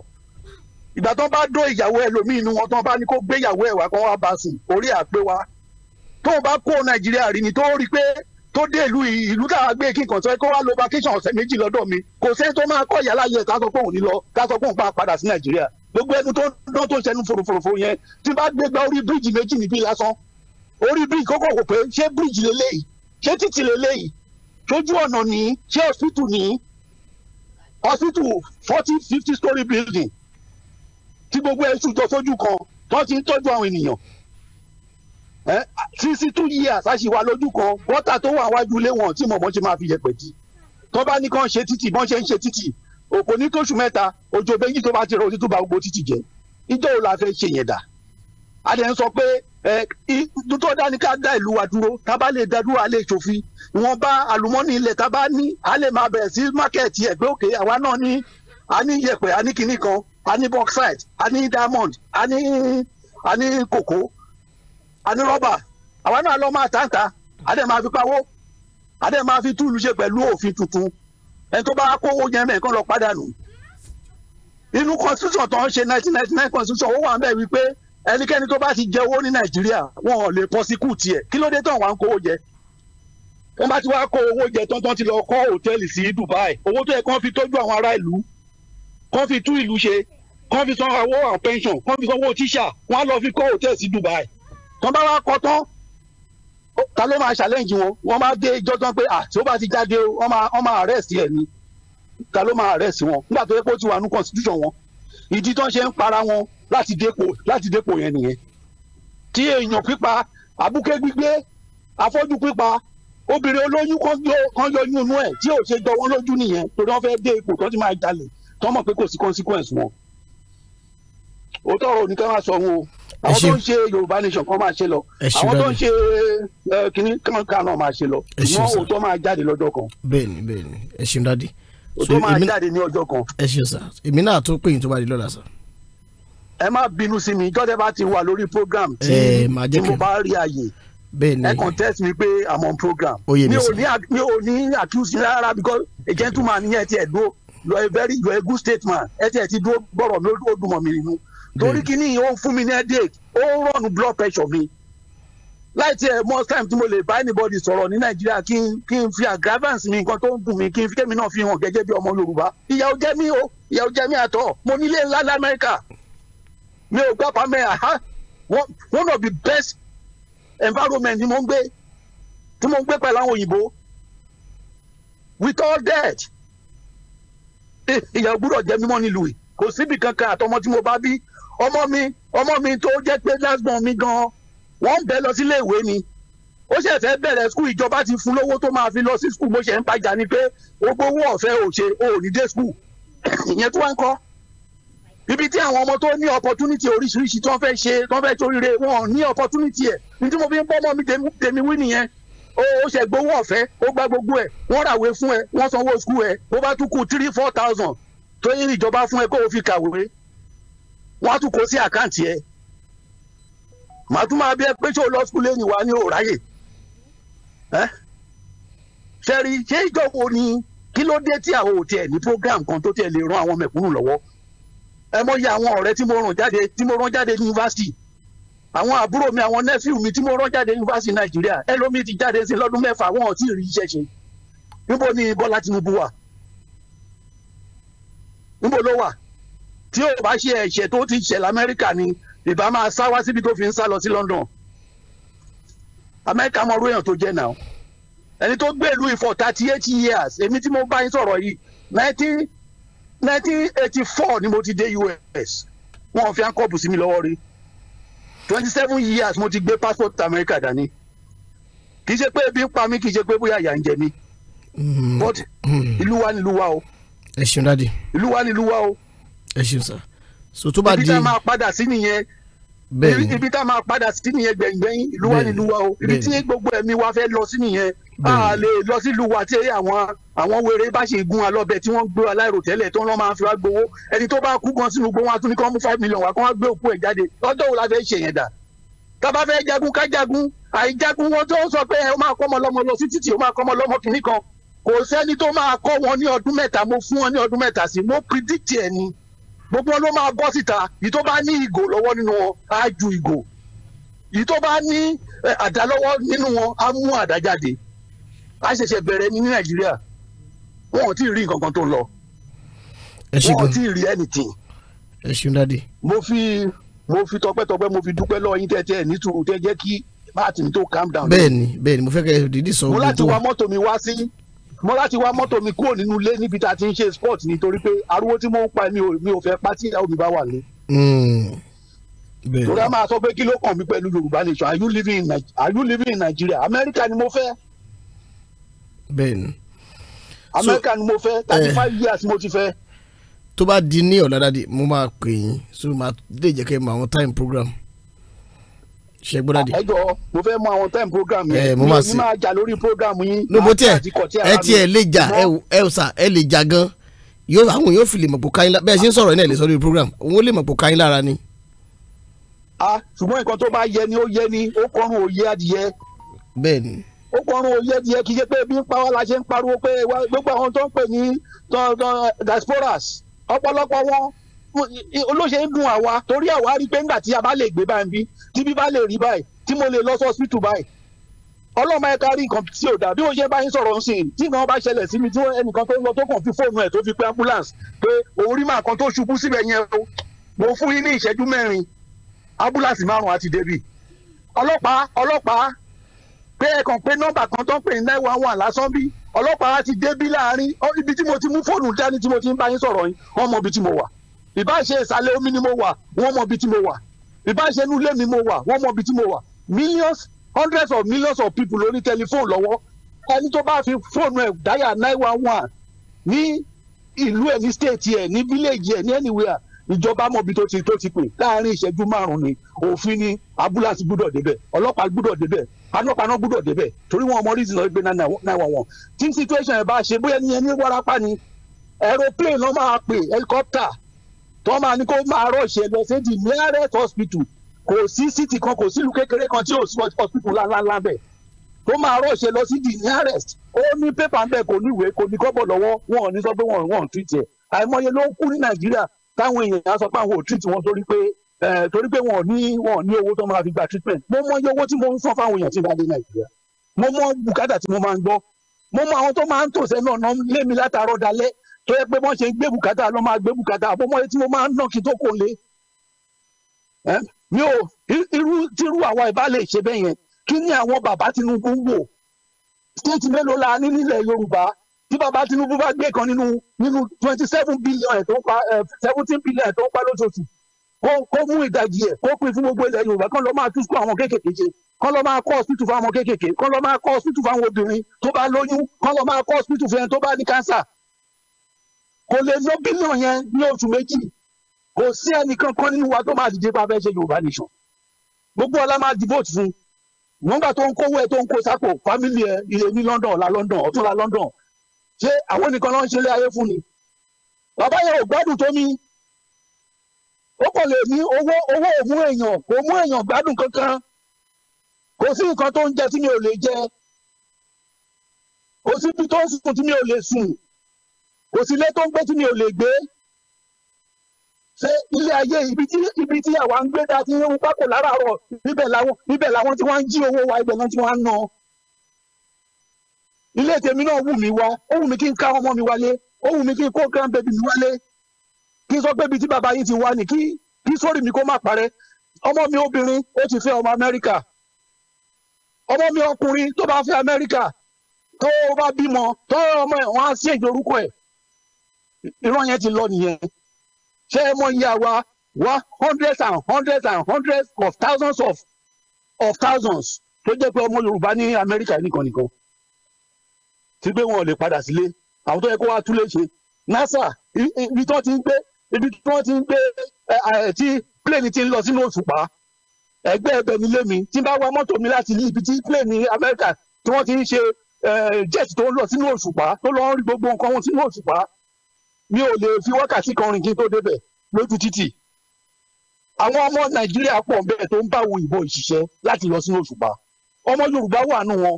Speaker 1: ìgbà tó ń bá dó ìyàwó ẹ lómi inú wọn tó ń bá ní kó gbé ìyàwó ẹ wá kó wá bá sùn orí àpé wa tó ń bá kó nàìjíríà rí ni tó rí pé tó dé ìlú ìlú tá a gbé kí nǹkan sọ kó wá lọ vacation ọ̀sẹ̀ méjì lọ́dọ̀ mi kò sẹ́ni tó máa kọ́ ìyálà yẹ ká sọ pé òun ní lọ ká sọ pé òun bá padà sí nàìjíríà gbogbo ẹnu tó dán tó ṣẹnu fòròfòròfò yẹn tí bá gbé gba orí bíríìjì méjì níbí lásán orí bíríìjì kókò kò pé ṣé bíríìjì lélẹ́yìí ṣé títì lélẹ́yìí lójú ọ̀nà ní ṣé hospital ní hospital forty fifty story building tí gbogbo ẹ̀ ṣùjọ sójú kan tó ti ń tọ́jú àwọn ènìyàn sixty two years àṣìwà lójú kan wọ́tà tó wà wájú ilé wọn tí mọ̀mọ́ ṣe máa fi yẹpẹ̀ dì tó bá ní kàn ṣe títì bọ́n ṣe ń ṣe títì òkò ní tóṣù mẹ́ta òjò méjì tó bá ti rọ òtítù bá gbogbo títì jẹ ìjọ wo la fẹ́ ṣe ń sọ pé tó dání ká dá ìlú wa dúró tá a bá lè dá dúró a lè ṣòfin wọn bá àlùmọ́nì ilẹ̀ tá a bá ní a máa bẹ̀rẹ̀ sí mákẹ́ẹ̀tì ẹ̀gbẹ́ òkè àwa náà ní a yẹ̀pẹ̀ a kinní kan a bauxite a diamond a ní a ní kòkó a ní rọ́bà àwa náà lọ́ máa tàǹtà a dẹ̀ máa fi pawó a dẹ̀ máa fi túlù ṣe pẹ̀lú òfin tuntun ẹni tó bá kówó yẹn mẹ́ẹ̀ kán lọ padà nù inú constitution tó ń ṣe nineteen constitution ó wà ń bẹ̀ wípé ẹnikẹ́ni tó bá ti jẹ owó ní nàìjíríà wọn ò lè prosecute ẹ̀ kí ló dé tán wà ń kówó jẹ wọn bá ti wá kó owó jẹ tán ti lọ kọ́ hòtẹ́ẹ̀lì sí Dubai owó tó yẹ kán fi tọ́jú àwọn ará ìlú kán fi tú ìlú ṣe kán fi san owó àwọn pension kán fi san owó tíṣà wọn á lọ fi kọ́ hòtẹ́ẹ̀lì sí Dubai tán bá wá kọ́ tán ta ló máa challenge wọn wọn máa dé ijọ́ tán pé àti ó bá ti jáde wọn máa arrest ẹ̀ ni ta ló máa arrest wọn nígbà tó yẹ kó ti wà ní constitution wọn ìdí tán ṣe ń para wọn láti dépò láti dépò yẹn nìyẹn tí èèyàn pípa àbúké gbígbé afọ́jú pípa obìnrin olóyún kan yọ inú inú ẹ̀ tí ò ṣe jọ wọn lójú nìyẹn torí wọ́n fẹ́ dé ipò tó ti máa jalè tó mọ̀ pé kò sí consequence wọn ó tọrọ oníkan wá sọ wọn o àwọn tó ń ṣe Yorùbá nation kan máa ṣe lọ àwọn tó ń ṣe kínní kan kan náà máa ṣe lọ ìwọ́n òótọ́ máa jáde lọ́jọ́ kan.
Speaker 2: bẹ́ẹ̀ni bẹ́ẹ̀ni ẹ ṣeun dadi. òótọ́ máa jáde ní ọjọ́ kan. ẹ ṣeun sá èmi náà tó pè yín tó bá di lọ́la sá ẹ má bínú sí mi
Speaker 1: jọ́dẹ̀ bá ti wà lórí program tí mo bá rí àyè ẹ kàn test mi pé i'm on program mi ò ní mi ò ní accuse mi rárá because a gentleman yẹn ti ẹ̀ dúró you are a very you are a good statesman ẹ ti ẹ̀ ti dúró gbọ́rọ̀ mi ó dùn mọ́ mi nínú torí kí ni ó ń fún mi ní headache ó ń rọ̀nù blood pressure mi láì tiẹ̀ most times, tí mo lè bá anybody sọ̀rọ̀ ní nàìjíríà kí n kí n fi aggravance mi nǹkan tó ń dùn mí kí n fi kémi náà fi hàn gẹ́gẹ́ bí ọmọ yorùbá ìyàwó jẹ́ mi o ìyàwó jẹ́ mi àtọ̀ mo nílé ńlá lamẹ́ríkà mi ò gbà pàmẹ àhá one of the best environment ni mo ń gbé tí mo ń gbé pẹ̀lú àwọn òyìnbó with all that ìyàwó gbúdọ̀ jẹ́ mímọ́ nílùú yìí kò síbi kankan àtọmọ tí mo bá bí ọmọ mi ọmọ mi tó jẹ́ pé last born mi gan wọ́n ń bẹ lọ sílé ìwé ni ó ṣe fẹ́ bẹ̀rẹ̀ skul ìjọba ti fún lówó tó máa fi lọ sí skul bó ṣe ń bàjá ni pé ó gbowó ọ̀fẹ́ ò ṣe dé skul ìyẹn tó wá ń kọ́ ibi tí àwọn ọmọ tó ní opportunity oríṣiríṣi tó ń fẹ́ ṣe tó ń fẹ́ toríire wọn ní opportunity ẹ̀ ní tí mo fi ń bọ́ ọmọ mi tèmi wí nìyẹn ó ṣe gbowó ọ̀fẹ́ ó gba gbogbo ẹ̀ wọ́n ràwé fún ẹ wọ́n sanwó skul ẹ bó bá tún kù three four thousand tó yẹ ìjọba fún ẹ kó o fi kàwé wọ́n á tún kó sí àkáǹtì ẹ màá tún máa bí ẹ pé ṣé o lọ skul lẹ́yìn wa ní òráyè ṣẹ́rí ṣé ìjọba ò ní kí ló dé tí àwọn ò tiẹ̀ ní program kan tó tiẹ̀ lè ran àwọn mẹ̀kúnnù lọ́wọ́ ẹ mọ iye àwọn ọ̀rẹ́ tí mo rán jáde tí mo rán jáde ní yunifásitì àwọn àbúrò mi àwọn nẹ́fíù mi tí mo rán jáde yunifásitì nàìjíríà ẹlòmí ti jáde sí lọ́dún mẹ́fà wọn ò tí ì rí iṣẹ́ ṣe níbo ni bọ́lá tinubu wà níbo ló wà tí ò bá ṣe ẹ̀ṣẹ̀ tó ti ṣẹ̀ lamẹ́ríkà ni ìbá máa sá wá síbi tó fi ń sá lọ sí london amẹ́ríkà mọ̀ ròyìn tó jẹ́ náà ẹni tó gbé ìlú ìfọ̀ thirty eight years èmi tí mo bá yín sọ̀rọ̀ yìí nineteen nineteen eighty four ni mo ti dé US wọn fi ankọ́ọ̀bù sí mi lọ́wọ́ rí twenty seven years mo ti gbé passport America dání kì í ṣe pé ebi ń pa mí kì í ṣe pé bóyá àyà ń jẹ mí mm-hmm. but mm-hmm. ìlú wa nílùú wa o. ẹ ṣeun dáàdi. ìlú wa nílùú wa o. ẹ ṣeun sá so tó bá di ibi tá a máa padà sí nìyẹn bẹ́ẹ̀ni ibi tá a máa padà sí nìyẹn gbẹ̀ngbẹ̀yìn ìlú wa nílùú wa o ibi tí gbogbo ẹ̀mí wa fẹ́ lọ sí nìyẹn a lè lọ sílùú wa tí àwọn àwọn wèrè bá ṣe gun alọ́bẹ̀ tí wọ́n gbé aláìrò tẹ́lẹ̀ tó ń lọ́ máa fi wá gbowó ẹni tó bá kú gan sínú gbowó wọn tún mú five million wá kí wọ́n gbé òkú ẹ̀ jáde lọ́jọ́ wo la fẹ́ ṣe yẹn dà tábà fẹ́ jagun ká jagun àìjagun wọn tó sọ pé ó máa kọ́ ọmọ lọ́mọ lọ sí títì ó máa kọ́ ọmọ lọ́mọ kìíní kan kò sẹ́ni tó máa kọ́ wọn ní ọdún mẹ́ta mo fún wọn ní ọdún mẹ́ta sí mo predict ẹ̀ ni gbogbo ló máa bọ́ síta yìí tó bá ní ìgò lọ́wọ́ nínú wọn á ju ìgò yìí tó bá ní àdá lọ́wọ́ nínú wọn á mú àdá jáde a ṣẹ̀ṣẹ̀ bẹ̀rẹ̀ ní nàìjíríà wọn ò tí ì rí nǹkan kan tó ń lọ wọn ò tí ì rí anything. ẹ ṣeun dáadé. mo fi mo fi tọpẹ́tọpẹ́ mo fi dúpẹ́ lọ́yìn tẹ́tẹ́ ẹ̀ nítorí tẹ́ jẹ́ kí báàtì mi tó calm down. bẹ́ẹ̀ni bẹ́ẹ̀ni mo fẹ́ kẹ́ dídí sọ. mo láti wa mọ́tò mi wá sí mo láti wa mọ́tò mi kúrò nínú ilé níbi tá a ti ń ṣe sport nítorí pé ariwo tí mo ń pa mi ò fẹ́ pa tí ìyàwó mi bá wà
Speaker 2: hmm. ní torí
Speaker 1: a máa sọ pé kí ló kàn mí pẹ̀lú yorùbá nation are you living in Nigeria are you living in Nigeria America ni mo fẹ́
Speaker 2: bẹ́ẹ̀ni. amẹ́ríkà
Speaker 1: ni mo fẹ́ eh, thirty five years mo ti
Speaker 2: fẹ́. tó bá di ní ọ̀la dádì mo máa pè yín so máa lè jẹ́ kí mọ àwọn time program ṣe gbọ́ dádì. Ah, ẹ
Speaker 1: mo fẹ́ mọ àwọn time program yẹn eh, mo máa sì máa jà lórí program yín. lóbo tí ẹ ẹ tí ẹ lè jà ẹ
Speaker 2: ẹ sà ẹ lè jà gan yóò àwọn yóò fi lè mọ̀pọ̀ káyín lára bẹ́ẹ̀ ṣe ń sọ̀rọ̀ ẹ̀ náà lè sọ lórí program òun ó lè mọ̀pọ̀ káyín lára ni a ah, ṣùgbọ́n nǹkan tó bá yẹ ni ó yẹ ni ó kọrùn ó yẹ adìyẹ. bẹ́ẹ̀ni ó
Speaker 1: pọ̀run òye tiẹ kì í ṣe pé ebi ń pa wá la ṣe ń pariwo pé gbogbo àwọn tó ń pè ní diasporas ọ̀pọ̀lọpọ̀ wọn olóṣè ń dùn àwa torí àwa rí pé ńgbà tí a bá lè gbé báyìí bí tí bí bá lè rí báyìí tí mo lè lọ sí ọsibítù báyìí ọlọ́mọ ẹ̀ka rí nǹkan tí ò dà bí mo ṣe bá yín sọ̀rọ̀ ńsìn tí nǹkan bá ṣẹlẹ̀ sí mi tí ẹnìkan tó ń lọ tó kàn fi fóònù ẹ̀ tó fi pe ambulance pé òun rí kan tó ṣubú síbẹ̀ yẹn o mo fún yín ní ìṣẹ́jú mẹ́rin ambulance márùn-ún àti débì ọlọ́pàá ọlọ́pàá pé ẹ kàn pé nọ́mbà kan tó ń pè ní nine one one lásán bí ọlọ́pàá ti dé bí láàrin ibi tí mo ti mú fóònù dání tí mo ti ń bá yín sọ̀rọ̀ yín wọ́n mọ ibi tí mo wà ìbáṣe ìsàlẹ̀ omi ni mo wà wọ́n mọ ibi tí mo wà ìbáṣe inú ilé mi mo wà wọ́n mọ ibi tí mo wà millions hundreds of millions of people lórí tẹlifóònù lọ́wọ́ ẹni tó bá fi fóònù ẹ̀ dáyà nine one one ní ìlú ẹ̀ ní state ẹ̀ ní village ẹ̀ ní anywhere ìjọba mọ̀bi tó ti tó ti pè láàrin ìṣẹ́jú márùn-ún ni òfin ni abúlá ti gbúdọ̀ débẹ̀ ọlọ́pàá gbúdọ̀ débẹ̀ panápaná gbúdọ̀ débẹ̀ torí wọn ọmọ reason gbé nine one one tí situation ẹ̀ bá ṣe bóyá ní ẹni wárápá ni aeroplane ló máa pè helicopter tó máa ní kó máa rọ̀ṣẹ̀ lọ sí di nearest hospital kò sí city kan kò sílùú kékeré kan tí ò sí hospital ńláńlá bẹ̀ tó máa rọ̀ṣẹ̀ lọ sí di nearest ó ní pépà ń bẹ̀ kò ní ìwé kò ní kọ́bọ̀ lọ́wọ́ wọn ò ní sọ pé wọn ò treat ẹ̀ àìmọye ló ń kú ní nàìjíríà táwọn èèyàn á sọ pé àwọn ò treat wọn torí pé torí pé wọn ò ní wọn ò ní owó tó máa fi gba treatment mo mọ iye owó tí mo ń san fáwọn èèyàn tí ìbá dé nàìjíríà mo mọ bùkátà tí mo máa ń gbọ́ mo mọ àwọn tó máa ń tòṣẹ́ náà ná lé mi látàárọ̀ dalẹ́ tó yẹ pé wọ́n ṣe ń gbé bùkátà lọ́ máa gbé bùkátà àbọ̀ mọ́ tí mo máa ń ná kí tó kò lé mi ò irú tírú àwa ìbá lè ṣe bẹ́ẹ̀ yẹn kí ni àwọn bàbá Tinubu wò stéètì mélòó la ní nílẹ̀ Yorùbá tí bàbá Tinubu bá gbé kan nínú nínú twenty seven billion ẹ̀ tó ń pa seventeen billion ẹ̀ tó ń pa lóṣooṣù kó mú ìdajì ẹ̀ kó pín fún gbogbo ilẹ̀ Yorùbá kán lọ máa tú sùkúl àwọn kéékèèké ṣe kán lọ máa kọ́ ọ̀sìtù fún àwọn kéékèèké kán lọ máa kọ́ ọ̀sìtù fún àwọn obìnrin tó bá lóyún kán lọ máa kọ́ ọ̀sìtù fún ẹni tó bá ní kánsà kò lè ná bílíọ̀n yẹn ní oṣù méjì kò sí ẹnìkan kan nínú wa tó máa dìde pa fẹ́ ṣe Yorùbá nation gbogbo ọlá máa di vote fún wọn gbà tó ń kówó ẹ tó ń kó sápò fámìlì ẹ ilé ní London ọ̀la London ọ̀túnla London ṣé àwọn nìkan ló ń ṣe ilé ayé fún ni bàbá yẹn ò gbádùn tó ó kàn lè ní owó owó ò mú èèyàn kò mú èèyàn gbádùn kankan kò sí nǹkan tó ń jẹ tí mi ò lè jẹ kò sí ibi tó ń sùn tí mi ò lè sùn kò sí ilé tó ń gbé tí mi ò lè gbé ṣé ilé ayé ibi tí ibi tí àwa ń gbé dáa ti ń pákó láràárọ̀ níbẹ̀ làwọn níbẹ̀ làwọn tí wọ́n ń jí owó wa ibẹ̀ náà tí wọ́n ń ná ilé tèmi náà wù mí wá ó wù mí kí n ká ọmọ mi wálé ó wù mí kí n kó grand baby mi wálé kí n sọ pé ibi tí bàbá yín ti wá ni kí kí sórí mi kó má parẹ́ ọmọ mi obìnrin ó ti fẹ́ ọmọ amẹ́ríkà ọmọ mi ọkùnrin tó bá fẹ́ amẹ́ríkà tó bá bímọ tó ọmọ ẹ̀ wọ́n á sí èjì orúkọ ẹ̀ ìran yẹn ti lọ nìyẹn ṣé ẹ mọ iye àwa wá hundreds and hundreds and hundreds of thousands of of thousands tó jẹ́ pé ọmọ yorùbá ní amẹ́ríkà nìkan nìkan ti gbé wọn ò lè padà sílé àwọn tó yẹ kó wá túlé ṣe nasa ibi tó ti ń gbé ibi tí wọ́n ti ń gbé tí plane ti ń lọ sínú òṣùpá ẹgbẹ́ ẹbẹ̀ nílé mi tí n bá wa mọ́tò mi láti ibi tí plane Amẹ́ríkà tí wọ́n ti ń ṣe jet tó ń lọ sínú òṣùpá tó lọ ń rí gbogbo nǹkan wọn sínú òṣùpá mi ò lè fi wákàtí kan rìn kí n tó débẹ̀ lójú títì àwọn ọmọ Nàìjíríà pọ̀ bẹ́ẹ̀ tó ń bá wo ìbò ìṣiṣẹ́ láti lọ sínú òṣùpá ọmọ Yorùbá wà nù wọn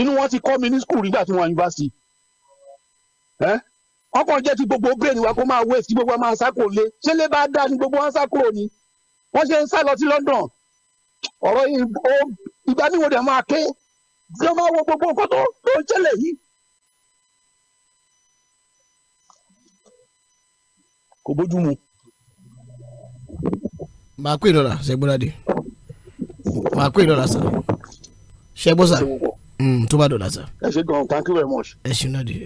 Speaker 1: inú wọn ti kọ́ mi ní skul nígbà tí wọn yunifásitì ọkàn jẹ́ kí gbogbo brain wa kó máa waste kí gbogbo wa máa sá kúrò lé ṣé lè bá dáa ni gbogbo wa sá kúrò ni wọ́n ṣe ń sá lọ sí London ọ̀rọ̀ ìgbà níwọ̀n dẹ̀ máa ké tí wọ́n máa wo gbogbo nǹkan tó tó ń ṣẹlẹ̀ yìí.
Speaker 2: kò bójú mu. màá pè lọ́la ṣẹ́gbọ́n màá pè lọ́la sá ṣẹ́gbọ́n tó bá dọ̀la sá. ẹ ṣe gan thank you very much. ẹ ṣe náà dé.